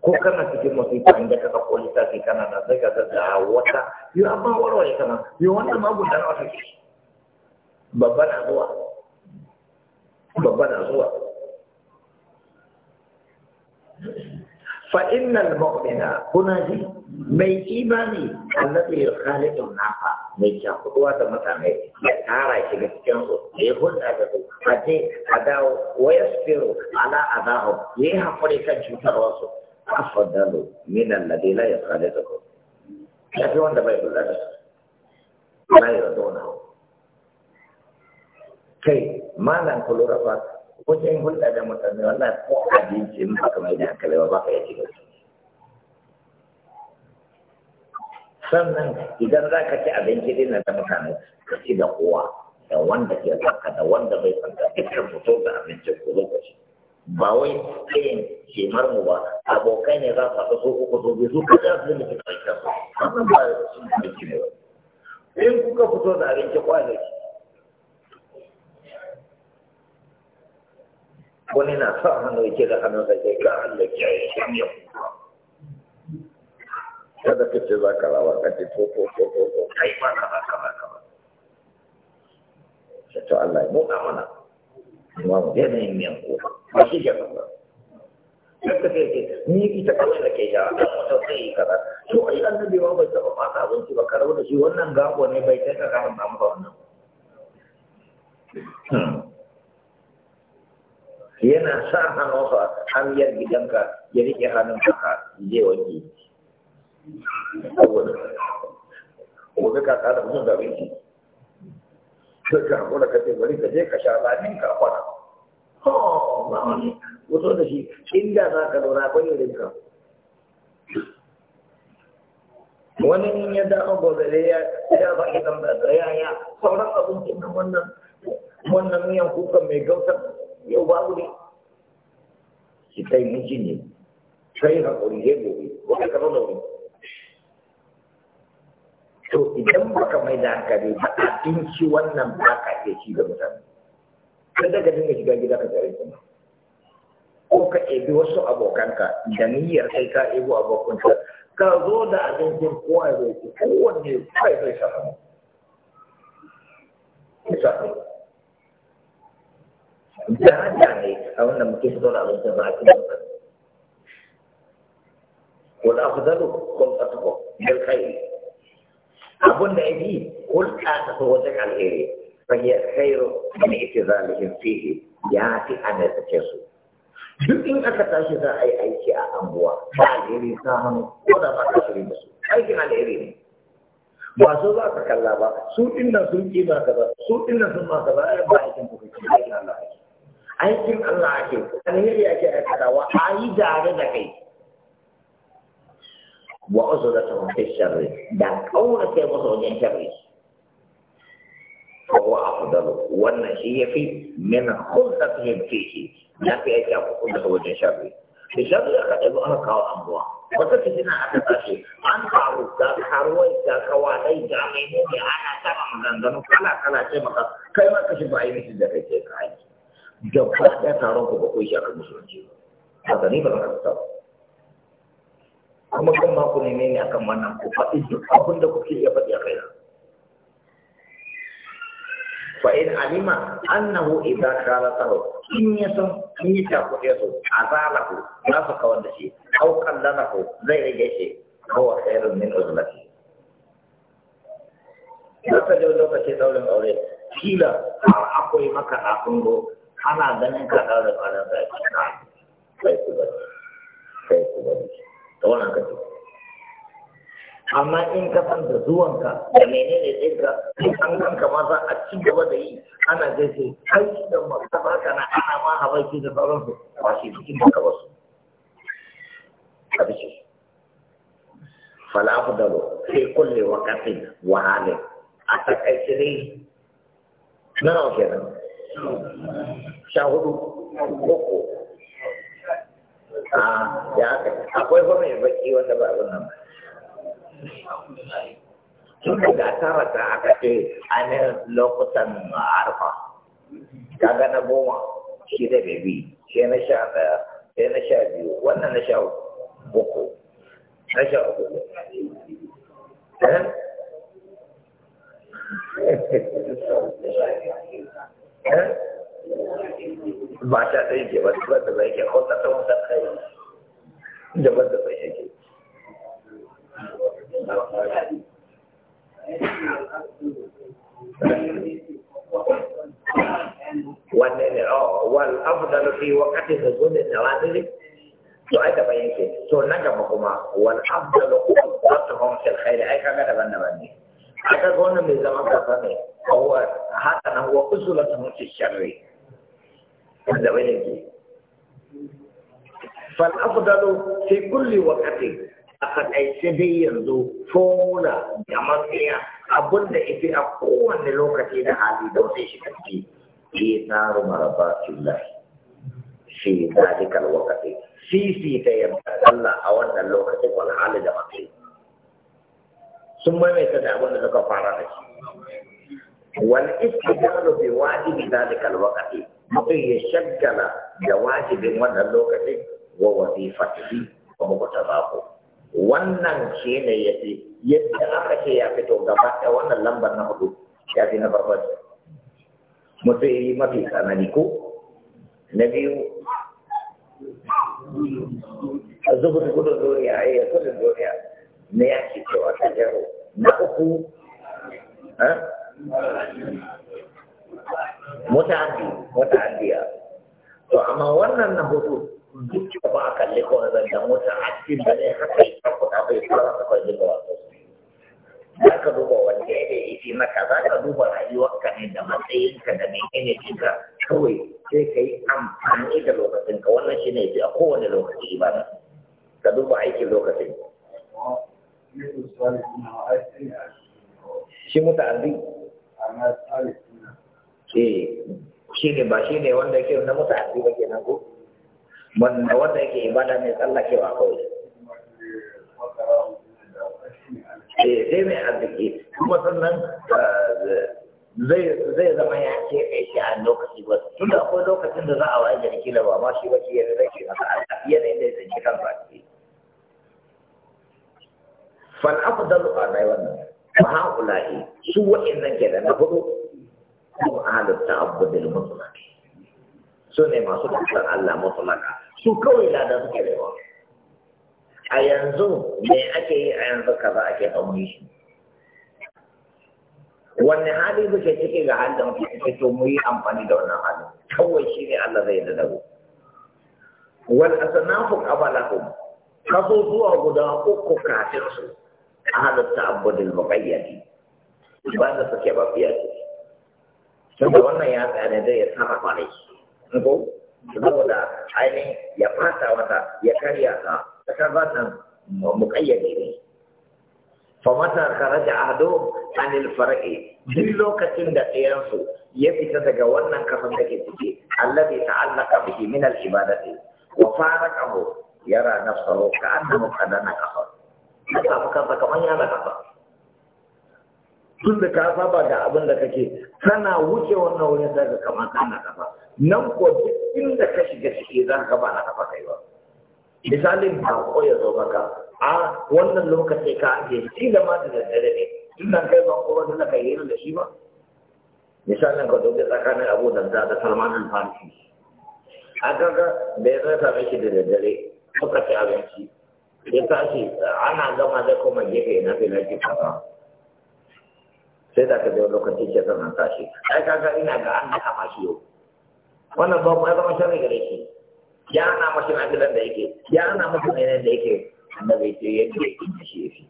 ko kana cikin masifa inda ka kafa ke kana na sai ka da wata yi warwa ya kana yi wannan magun da na wata ce babba na zuwa babba na zuwa fa innal mu'mina kuna ji mai imani allazi ya khaliqu nafa mai cakuduwa da mutane ya tara shi ga cikin su ya hulɗa da su a ce a dawo waya su fero ala dawo, ya yi hakuri kan cutarwar su afadalu min allazi la yakhaliqu ya fi wanda bai hulɗa da su la yarduna kai malan kulura ba wajen hulɗa da mutane wallahi ko abinci in baka mai da hankali ba ka yi cikin su sannan idan za ka ci abinci dina da mutane ka ci da kowa da wanda ke tsaka da wanda bai tsaka dukkan fito da abincin ku lokaci ba wai kayan kemar mu ba abokai ne za su so uku so biyu su kaɗa su ne su ɗauka su wannan ba da su ne ba in kuka fito da abinci kwanaki wani na sa hannu yake da hannu sa ke ga Allah ke ce za ka rawa ka ce ko to to to to kai ma ka ba ka ba ka ba sai to Allah ya buɗa mana amma mu daina yin miyan ko ba shi ke ba yadda kai ce ni ita kawai da ke jawa ɗan wata sai kaza to ai annabi ma bai taɓa fata abinci ba ka rabu da shi wannan gago ne bai kai ka kama ba ba wannan yana sa hannunsa hanyar gidanka ya riƙe hannun ka je wanke saboda gobe ka kada mutum da abinci sai ka hakura ka ce bari ka je ka sha lamin ka kwana wato da shi inda za ka lura akwai irin ka wani in yadda da an gobe ya ya ba ki dan da ya ya sauran abincin nan wannan wannan miyan kuka mai gautar yau babu ne shi kai miji ne kai hakuri ya gobe ko ka zama to idan baka mai da hankali ba abinci wannan ba ka iya ci da mutane ka daga dinga shiga gida ka tsare kuma ko ka ebi wasu abokanka da niyyar kai ka ebi abokanka ka zo da abincin kowa zai ci kowanne kai zai shafa da hada ne a wannan mutum zo da abincin ba a cikin wani wani abu zalo kwalfatakwa bil khairi abun da yake hulɗa ta so wajen alheri fahiyar khairu min itizalihim fihi ya fi ana take su duk in aka tashi za a yi aiki a anguwa ba alheri ta hannu ko da ba ka shiri da su aikin alheri ne ba so za ka kalla ba su inda sun ki ba ka ba su inda sun ba ka ba yi ba aikin ku ki aikin Allah ake aikin Allah ake alheri ake aikatawa a yi tare da kai وعزلتهم في الشر دا كون في مصر شر فهو أفضل والنشي في من خلطتهم فيه لا في أي شيء خلطه وجه شر الشر يقتل أهلك وأمواه وتكتنا أتتاشي أنت عروك حرويك كواليك عمينيني أنا تمام لندن غنغنو كلا كلا شمك كيما كشف عيني في ذلك عيني جبهة تارون كبقوي شاك المسلمين هذا نيبا لك kuma kan ma ku neme ne akan wannan ku faɗi duk abin da kuke iya faɗi a kaina fa in alima annahu idza kana tahu in ya san in ya tafi ya so ku na su ka da shi au ku zai rage shi wa khairun min uzlati da wanda lokacin saurin aure, kila akwai maka ɗafin go, ana ganin ka da da kai ku kai ku ta wannan amma in ka san da zuwanka da menene ɗinka an kan ka za a ci gaba da yi ana zai ce kai da makasar kana ana ma baki da su ba shi cikin baka wasu ƙarshe fala da fi sai kulle wa halin a takaice dai na nawa kenan sha hudu koko. Ah, ya aka akwai fa mai baki wanda ba abin nan tun da gasara aka ce ne lokutan arfa kaga na goma shi da bebi sai na sha na sha biyu wannan na sha uku na sha uku eh? Eh? mata ɗaya ke ba ta da zai ke hausa ta wata kai da ba da zai yake wanne ne oh, wal afdal fi waqti da an-nawazil to ai da bayan ke to na gaba kuma wal afdal qudratun fil khair ai kaga da banna banne aka ga wannan mai zama kafa ne ko haka nan wa usulatu fi sharri wanda bai yake fal afdalu fi kulli waqti akan aice dai yanzu formula da matsaya abinda ife a kowane lokaci da hali da wata shi kake ke tsaro marabatun lahi shi zalikal waqti sisi ta yadda Allah a wannan lokacin wal hali da matsaya sun maimaita da abin da suka fara da shi wal istidalu bi wajibi zalikal waqti mutum ya shaggala da wajibin wannan lokacin wa wazifatihi kuma ku ta wannan shi ne ya fi yadda aka ce ya fito gaba da wannan lambar na hudu ya fi na farkon mutum ya yi mafi tsanani ko na biyu zubin gudun duniya a yi gudun duniya na ce cewa ta jaro na uku eh? mutaddi mutaddiya to amma wannan na hudu duk ba a kalli ko zan da mutaddi da ne haka ya kuɗa bai fara da kai da wasu za ka duba wanda ya yi shi maka za ka duba ka ne da ka da menene ka kawai sai ka yi amfani da lokacin, ka wannan shi ne a kowane lokaci na ka duba aikin lokacin shi mutaddi eh shi ne ba shi ne wanda ke na mutane ba ke nan ko wanda wanda yake ibada mai tsallakewa kawai eh sai mai arziki kuma sannan eh, zai zama ya ce kai shi a lokaci ba tun da akwai lokacin da za a waye gari kila ba ma shi ba shi yadda zai shiga sa'a yanayin da ya kan ba. ke fal afdalu a rayuwar nan ma ha'ula'i su ke da na hudu ko ahalu ta'abbudil mutlaq So, ne masu bautar Allah mutlaka su kawai lada suke da yawa a yanzu ne ake yi a yanzu kaza ake famu shi wanne hali muke ciki ga halin da muke ciki to mu yi amfani da wannan hali, kawai shi ne Allah zai da dago wal asnafu qabalahum kaso zuwa guda uku kafin su ahalu ta'abbudil muqayyadi ba da suke ba fiye tunda wannan ya tsaya da ya saba kwanaki ko saboda ainihin ya fata wata ya karya ta ta wannan muƙayyade ne fa mata kharaja ahdu anil far'i duk lokacin da ɗayansu ya fita daga wannan kasan da ke ciki allazi ta'allaqa bihi min al ibadati wa faraqahu yara nafsahu ka'annahu qadana kafa haka muka kamar yana kafa tun da ka saba da abin da kake kana wuce wannan wurin sai ka kama kana kafa nan ko duk inda ka shiga ciki za ka ba na kafa kai ba misalin ba ko ya zo maka a wannan lokaci ka ake shi da ma da daddare ne tunan kai ba ko wanda ka yi da shi ba misalin ka doge tsakanin abu da da salman al-farisi a kaga da ya zata da daddare ka ci abinci ya tashi ana gama da kuma gefe na filaki kafa sai da ka je lokaci ke ta tashi ai kaga ina ga an da ma shi yau wannan ba ya zama shari'a gare shi ya ana mashi gidan da yake ya ana mashi ne da yake bai ce yadda yake da shi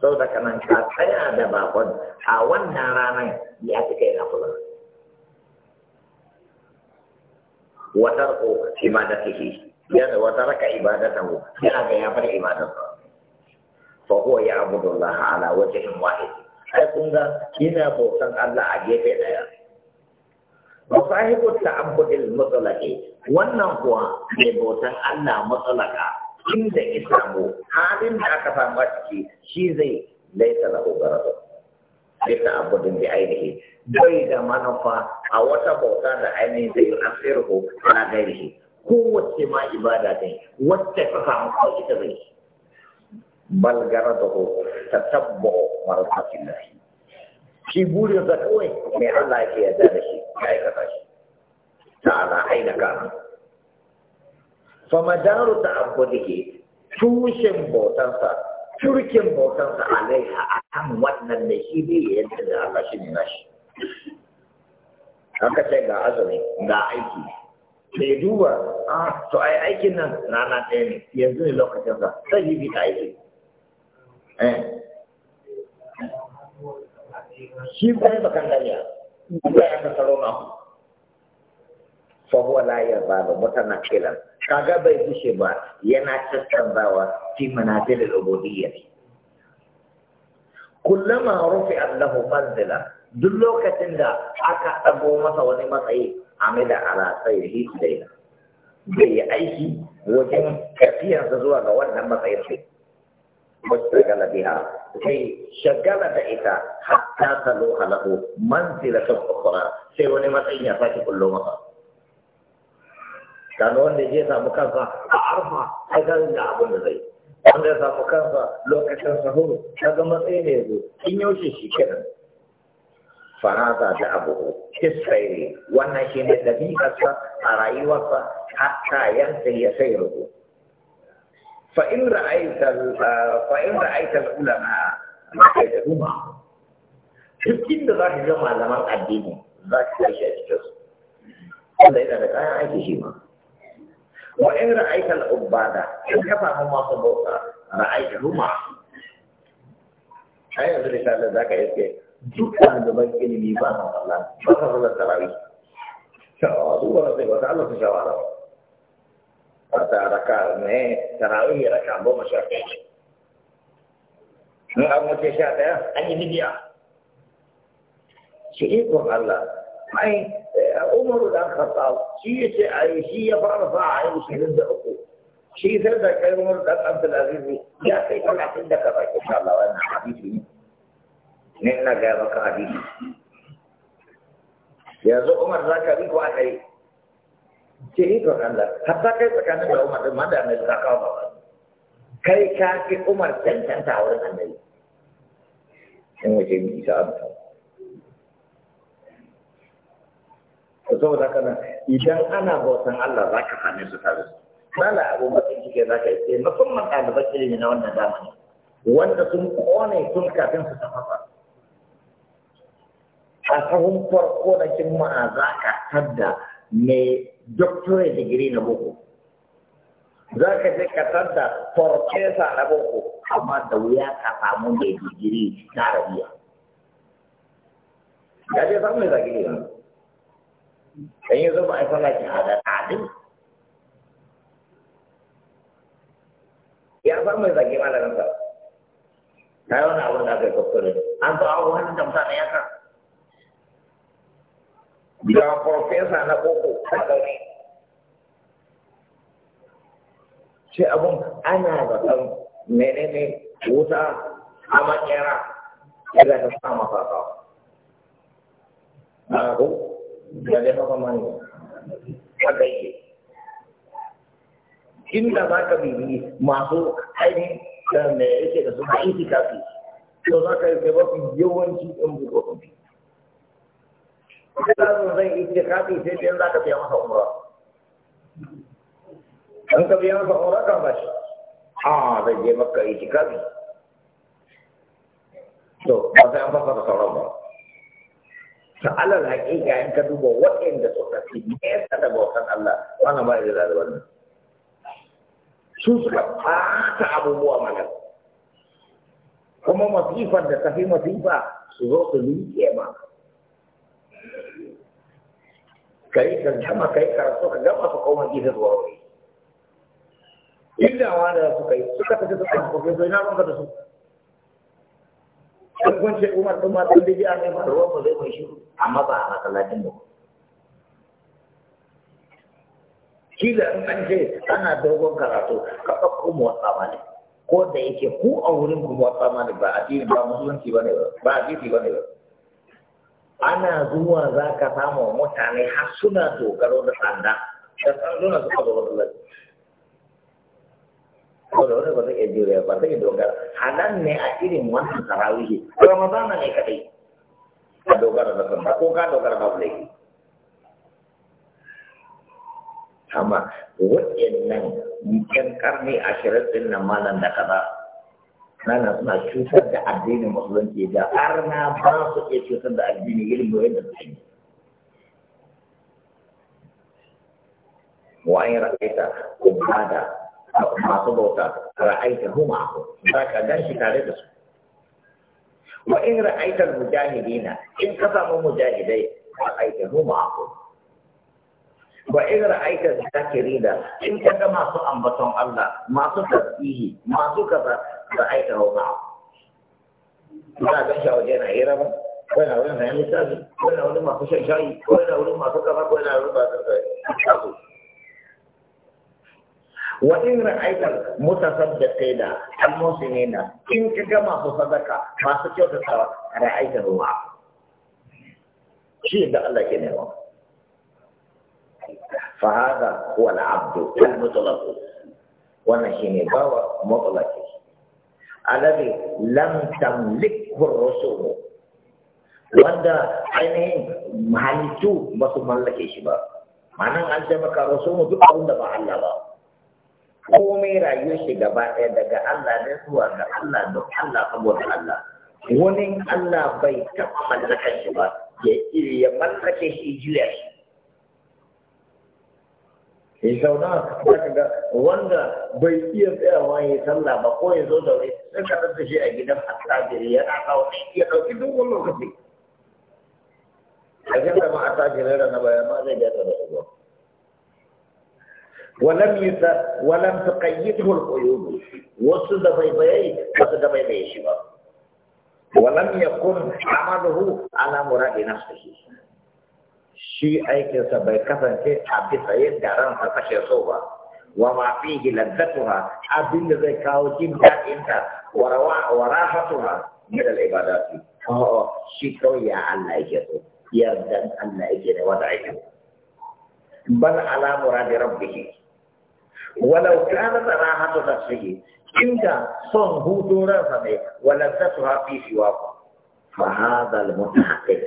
sau da kanan ka tsaya da bakon a wannan ranar ya fi kai na kula watar ko Ya da wata raka ibadatahu ya ga ya bar ibadarsa fa huwa ya abudullaha ala wajhin wahid ai kun ga ina bautan Allah a gefe daya wa ta ta'abbudil mutlaqi wannan kuwa ne bautan Allah mutlaqa inda islamu halin da aka samu ciki shi zai laisa lahu garadu sai ta'abbudin da ainihi bai da manufa a wata bauta da ainihi zai asiru shi, gairihi kowace ma ibada ne wacce ka samu kawai ita zai bal garadahu tatabbu marqatillah shi burin sa kawai me Allah ke yarda da shi ya aikata shi ta'ala aina kana famadaru ta'abbudihi tushen bautansa turkin bautansa alaiha a kan wannan da shi ne yadda da Allah shi ne nashi haka sai ga azumi ga aiki sai duba a ah, to ai aikin nan na rana ɗaya ne yanzu ne lokacinsa sa sai yi bi aiki Eh. shi kai bakan dariya ba ya kasaro na ku fahuwa la ya zaba mutana kilan kaga bai gushe ba yana tattaunawa fi manazil al-ubudiyya kullama rufi'a lahu manzila duk lokacin da aka dago masa wani matsayi amida ala sayyihi daina bai aiki wajen tafiyarsa zuwa ga wannan matsayin shagala واستغل بها كي شغل بإتا حتى تلوح له sai أخرى سيوني مسعين يفاتي كل samu kansa a arfa مكانسا أعرفها da اللي da zai wanda ya samu kansa lokacin sahuru ta ga matsayi ne zo in yaushe shi kenan fahaza da abu kisraeli wannan shi ne dabi'arsa a rayuwarsa hatta yanta ya sai rubutu فإن رأيت فإن رأيت العلماء رأيتهما cikin da za ka ga malaman addini za ka ga shi a cikin su wanda da kayan aiki shi ma wa in ra'aita ubada in ka samu masu bauta ra'aita huma ai yanzu da za ka iske duk ɗaliban ilimi ba sa sallah ba sa ba sai shawara ba wata raka ne tarawih raka goma sha ɗaya in an wuce sha ɗaya an yi bidiya shi ikon Allah eh, ai umaru da khattab shi ya ce a shi ya fara sa a yi musulun da uku shi sai da kai umar da abdul aziz ya kai talatin da kaza insha Allah wannan hadisi ne ne na ga maka hadisi yanzu umar zaka bi ko a kai ce ikon Allah hatta kai tsakanin da Umar din ma da Annabi ta kawo ba kai ka ki Umar cancanta a wurin Annabi in waje mu isa amsa to saboda haka nan idan ana bautan Allah za ka same su tare su kana abu bakin cike za ka yi musamman ɗaliban ne na wannan zamani wanda sun kone tun kafin su tafafa. a sahun farko na kin ka tadda mai doctorate degree na boko za ka je ka tadda farfesa na boko amma da wuya ka samu mai digiri na arabiya ya je samu mai zagiri ba dan yi zama a sana ki hada ɗaɗin ya samu mai zagiri malamin sa ta yi wani abin da aka yi doctorate an zo a wani damsa na yaka ga farfesa na koko ta ɗari sai abun ana da ɗan menene wuta a makera daga ta sa masa kawo a ko da dai haka mani a gaike inda za ka bibi masu aini da eh, mai yake da suna itikafi to za ka yi gaba yawanci ɗan bukatun Kalau saya istiqati, saya bilang tak kebiasa masa umrah. Yang kebiasa masa umrah kan bashi? Ah, saya je maka istiqati. So, masa apa kata salam? Soalan hakika yang kedua, waɗanda suka fi nesa da bautan Allah, wannan ba da da wannan. Su suka ɓata abubuwa mana. Kuma masifar da tafi masifa su zo su liƙe ma. ka yi gama ka yi karatu ka gama su koma gefe zuwa wuri inda wani su suka yi suka tafi su kan kofi zai na ranka da su an kwance umar ɗin ma ɗan biji an yi faruwa ba zai mai shiru amma ba a masallacin mu kila in an ce ana dogon karatu ka ɗauko mu wasa ma ne ko da yake ku a wurin ku wasa ma ne ba a ba musulunci ba ne ba ba a ba ne ba ana zuwa za ka samu mutane har suna dogaro da sanda da sanduna suka zo masallaci ko da wani ba zai iya jure ba zai dogara halan ne a irin wannan tarawihi na ne kadai ka dogara da sanda ko ka dogara da laifi amma wa'annan yan karni ashirin din nan malam da kaza nana suna cutar da addinin musulunci da har na ba su iya cutar da addini yin da su yi wa an ra'aita ubada masu bauta ra'aita huma aku za ka gan shi tare da su wa in ra'aita mujahidina in ka samu mujahidai ra'aita huma aku wa ta ra'aita rida in ka ga masu ambaton Allah masu tasbihi masu kaza ra'aita hawa ba ga shi waje na hira ba ko na wurin hanyar littafi ko na wurin masu shan shayi ko na wurin masu kaza ko na wurin masu kaza wa in ra'aita mutasaddiqina al-muslimina in ka ga masu sadaka masu kyautatawa ra'aita ruwa shi da Allah ke nema فهذا هو العبد المطلق ونحن باوى مطلق الذي لم تملكه الرسوم wanda ainihin halittu ba su mallake shi ba manan an ka maka mu duk abin ba Allah ba komai rayuwar shi gaba ɗaya daga Allah ne zuwa ga Allah da Allah saboda Allah wani Allah bai taɓa mallakan shi ba ya iri ya mallake shi shi ya zauna za ka ga wanda bai iya tsayawa ya sallah ba ko ya zo da wuri sai ka rasa shi a gidan attajiri ya ɗaɗa ya ɗauki dogon lokaci a jin da ma attajirai da na baya ma zai biya ta da wasu da يت ولم تقيده القيود وصد بيبي وصد بيبي شباب ولم يكن عمله على مراد نفسه shi aikinsa bai kasance a bisa yadda ransa kashe so ba wa ma fihi ladzatuha abinda zai kawo jin daɗinta wa rawa wa rahatuha min al ibadati oh shi kawai ya Allah yake so yardan Allah yake da wata aikin bal ala muradi rabbih walau kanat rahatu nafsihi inda son hudu ransa ne wa ladzatuha fi siwa fa hadha al mutahaqqiq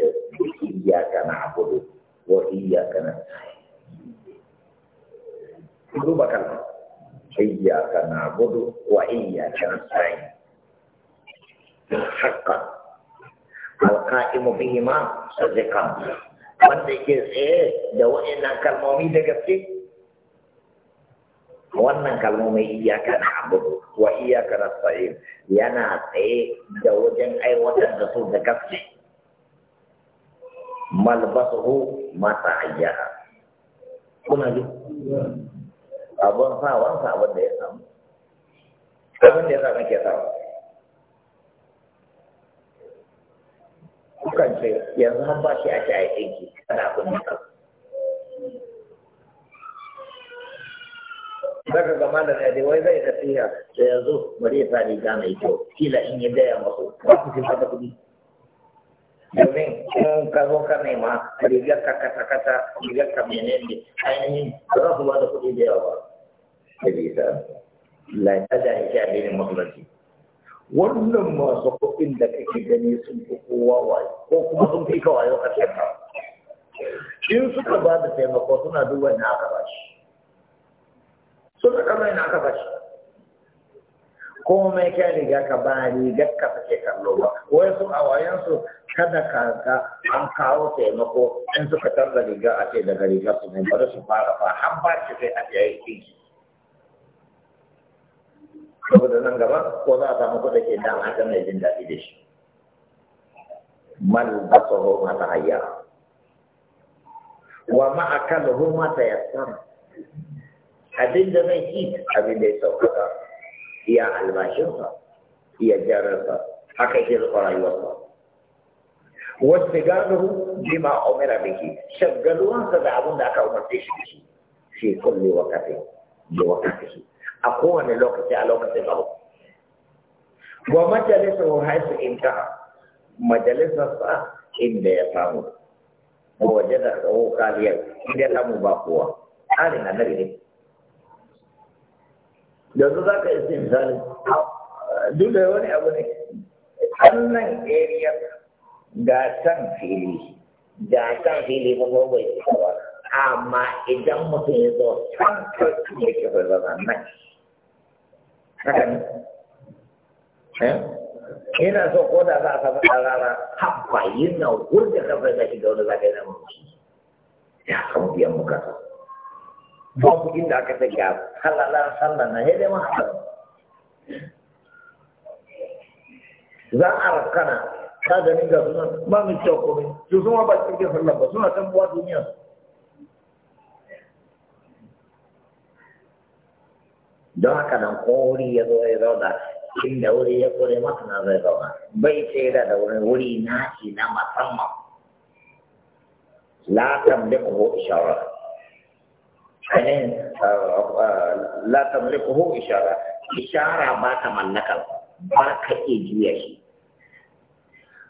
iyyaka na'budu wa iyyaka nasta'in duba kalma iyyaka na'budu wa iyyaka nasta'in haqqan alqa'imu bihima sadiqan wanda yake tsaye da wa'annan kalmomi da gaske wannan kalmomin iyaka na abudu wa iyaka na sa'in yana tsaye da wajen aiwatar da su da gaske malbasuhu mata ayyaha kuna ji abun sa abin da ya samu abin da ya samu ke sawa kukan ce yanzu har ba shi ake aikinki kada abin da ka Daga gama da ne dai wai zai tafiya da yanzu bari ya sa riga mai kyau kila in ya gaya masu ba su fi kuɗi domin in ka zo ka nema rigar ka kasa kasa rigar ka menene ainihin ba za su ba da kuɗi da yawa ba sabida lafiya da ya shafi ne mutunci wannan masu kuɗin da kake gani sun fi kowa wayo ko kuma sun fi kawayo a shekara in suka ba taimako suna duba na aka ba suna kama komai kai riga ka ba rigar ka take kallo ba wai su a wayansu kada ka ga an kawo taimako in suka tarda riga a ce daga rigar su ne bari su fara fa har ba ki sai a yayi kinki saboda nan gaba ko za a samu kuɗa ke dama ga mai jin daɗi da shi mal basahu ma ta hayya wa ma akalu ma ta yassara abin da zai ci abin da ya sauƙaƙa iya albashinsa iya jararsa haka yake zuwa rayuwarsa wasu gano bima umira biki shaggaluwansa da abin da aka umarce shi shi shi fi kulli wakati da wakati a kowane lokaci a lokacin abu wa majalisar haisu intaha majalisar sa inda ya samu wajen da tsawo kaliyar inda ya samu ba kowa tsarin annabi ne yanzu za ka isi misali duk da wani abu ne wannan area ga can fili ga can fili ba ko bai isa ba amma idan mutum ya zo can kirkin da ke bai zama nan haka ne eh? Ina so ko da za a samu tsarara haɓa yin na wurin da ka kafin da shi da wani zagaye na mutum ya samu biyan bukata babu inda aka ta ga sallah na sai dai ma za a rakana ka gani ga sunan ba cewa komai su sun ba cikin sallah ba suna can buwa haka nan ko wuri ya zo ya zauna inda wuri ya kore masa na zai zauna bai sai da wurin wuri na shi na musamman la ainihin eh, la tamlikuhu ishara ishara ba ta mallakar ba ka iya shi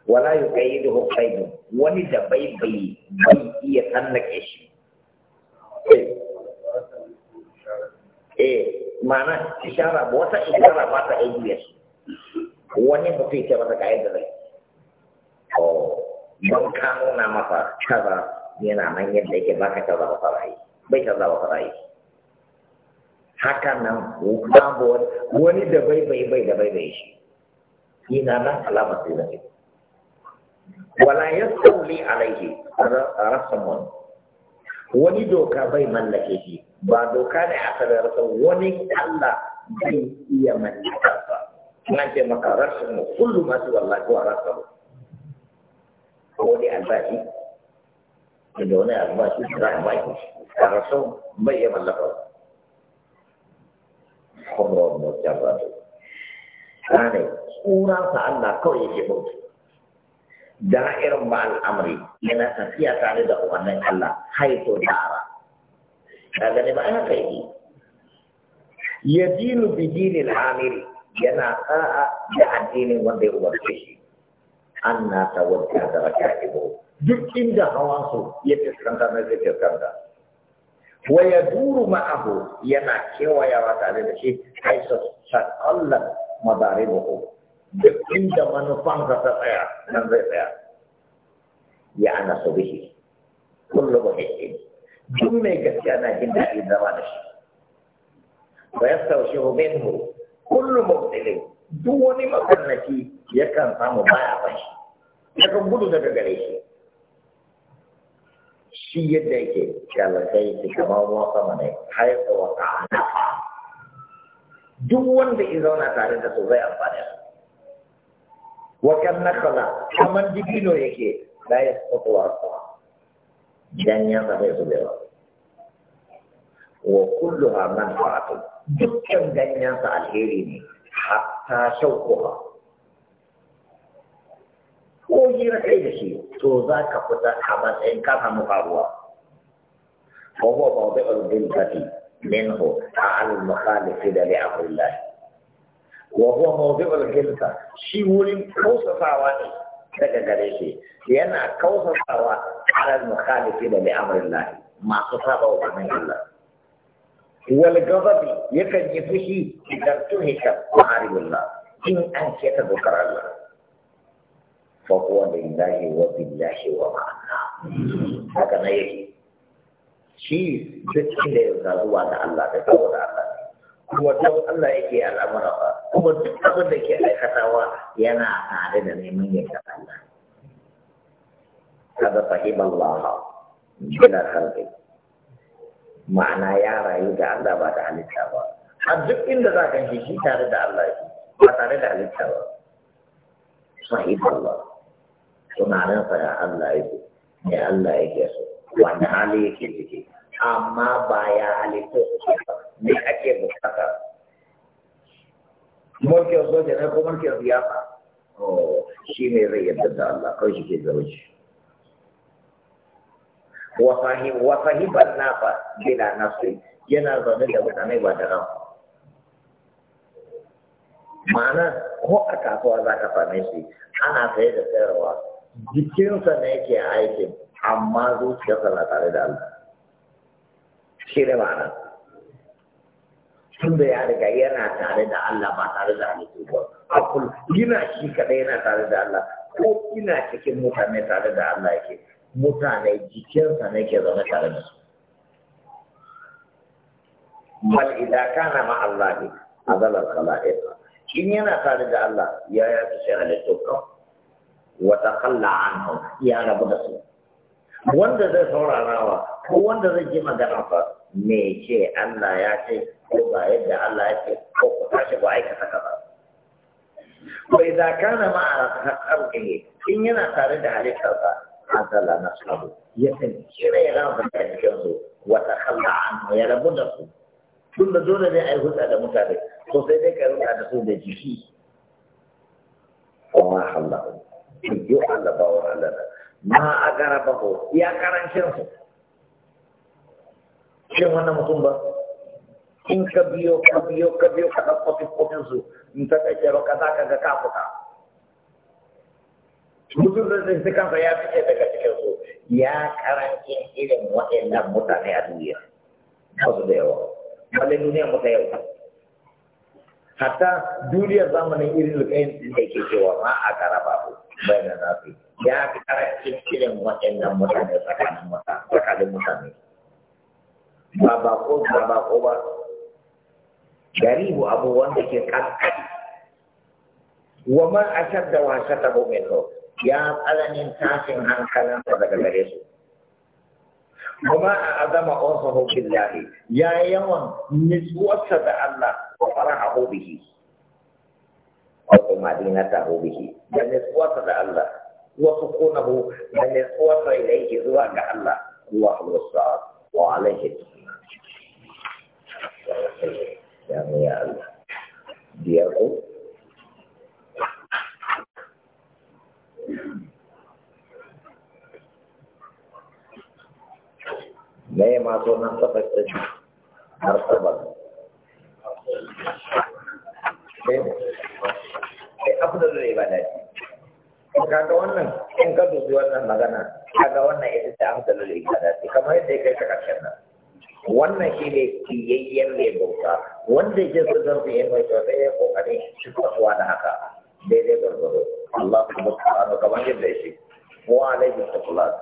wala yuqayyiduhu qaydun wani da bai bai bai iya tsallake shi eh, eh mana ishara ba wata ishara ba ta iya shi wani mutum ce masa kayan da rai oh, don ka nuna masa kaza yana nan yadda yake baka kaza masa rayu bai canza wa yi haka nan babu wani da bai bai bai da bai bai shi na nan alamar sai zai wala ya yastauli alaihi rasamun wani doka bai mallake shi ba doka ne a kada rasa wani Allah bai iya mallaka ba nan ce maka rasa rasamun kullu masu wallahi wa rasamun ko dai albashi daga wani albashi za a baki a rasu bai iya mallaka kuma ba jaba da kane tsuransa Allah kawai yake bauta da'irin ba al'amari yana tafiya tare da Allah haito da'ara ka gani ba an haka ya dinu bi dinin amiri yana sa'a ah, ah, da addinin wanda ya umarce shi an na tawadda da ibo duk inda hawa su ya fuskanta na zai fuskanta Waya duru ma'ahu yana kewayawa tare da shi haisa shakallan madaribuhu duk inda ka ta tsaya nan zai tsaya ya ana su bihi kullu muhiqqin duk mai gaskiya na jin daɗi zama da shi wa yastaushihu minhu kullu mubtilin duk wani makarnaci yakan samu baya ba shi yakan gudu daga gare shi shi yadda yake shalakai da kamar ruwan sama ne haifa wa ta'anafa duk wanda ya zauna tare da su zai amfani su wa kan nakala kamar dibino yake la ya fatuwa dan ya zama su da yawa wa kulluha manfa'atu dukkan ganyen sa alheri ne hatta shauquha ko hira kai da shi to za ka fita a matsayin ka samu faruwa ko huwa mawdi'ul bilbati ta ta'al mukhalif da li amrillah wa huwa mawdi'ul gilta shi wurin kausasawa ne daga gare shi yana kausasawa ala mukhalif da li amrillah masu saba wa ganin Allah wal gazabi yakan yi fushi idan tuhika ma'aribillah in an keta dokar Allah Wa فهو لله وبالله ومعنا هكذا يجي شيء ذكر يزالوا على الله تقول Allah kuma duk Allah yake al'amura ba kuma duk abin da ke aikatawa yana tare da neman ga Allah kada fahim Allah bila kalbi ma'ana ya rayu da Allah ba da halitta ba a duk inda za ka shi tare da Allah ba tare da halitta ba fahim Allah tunaninsa ya Allah yake ya Allah yake so wani hali yake ciki amma ba ya halittu ne ake bukata mulkin soja ne ko mulkin siyasa shi ne zai yadda da Allah kawai shi ke zauci wa fahi fahi wa sahiban nafa bila nafsi yana zaune da mutane ba da ran ma'ana ko a kasuwa za ka same shi ana saye da sayarwa jikinsa ne ke aikin amma zuciyarsa na tare da Allah shi ne ma'ana tun da ya riga yana tare da Allah ba tare da Allah ba kul yana shi kadai yana tare da Allah ko ina cikin mutane tare da Allah yake mutane jikinsa ne ke zama tare da su bal idza kana ma Allah azal al khalaiq in yana tare da Allah ya ya ta halittu kawai kalla taqalla anhu ya rabu da su wanda zai saurara wa ko wanda zai ji magana fa me ce Allah ya ce ko ba yadda Allah ya ce ko ku tashi ba aikata kaza bai za kana ma a harkihi in yana tare da A azala na sabu ya san kira ya rabu da cikinsu wata kalla anhu ya rabu da su tun da dole ne a yi hulɗa da mutane to sai dai ka hulɗa da su da jiki. Allah Allah. tujuh ala ba ala. Allah ma a ko ya karancin su shin wannan in ka biyo ka biyo ka biyo ka ɗauko fiskofin su in ta kai ka za ka ga kafuka mutum da zai ya fice daga cikin su ya karancin irin waɗannan mutane a duniya ba su da yawa wale ta yau. hatta dunia zamanin irin ini lebih da ke cewa ma a kara babu bayanan nasu ya fi karancin yang waɗannan mutane tsakanin mutane ba ba ko ba ba ko ba garibu abu wanda ke kankan wa ma a shadda wa shadda ko so ya ala tashin hankalin daga gare su Yesus. a azama ofa hukin lahi ya yawan nisbuat da Allah وفرحه به وطمأنينته به لأن القوة الله وسكونه من القوة إليه هو الله هو أهل الصلاة وعليه السلام يا يا الله ديركم ما هي ما تقول نفسك eh, eh afdal kaga wannan in ka dubi wannan magana kaga wannan ita ce afdal ibadat kamar yadda kai ka karshen nan wannan shi ne kiyayyen mai bauta wanda ya so zan fiye mai kyauta ya kokarin shi kwasuwa da haka daidai gwargwaro Allah kuma ta'ala kamar yadda shi wa alaihi salatu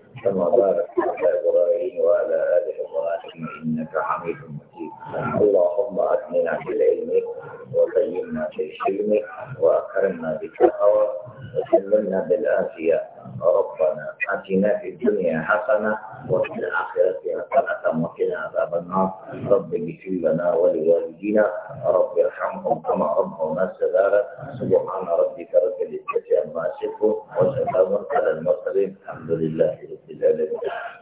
كما باركت على إبراهيم وعلى اله وصحبه إنك حميد مجيد الدين في العلم بالعلم وزينا الحلم وأكرمنا بالتقوى وسلمنا بالآسية ربنا آتنا في الدنيا حسنة وفي الآخرة حسنة وقنا عذاب النار رب اغفر لنا ولوالدينا رب ارحمهم كما ربنا صغارا سبحان ربك رب العزة عما يصفون وسلام على المرسلين الحمد لله رب العالمين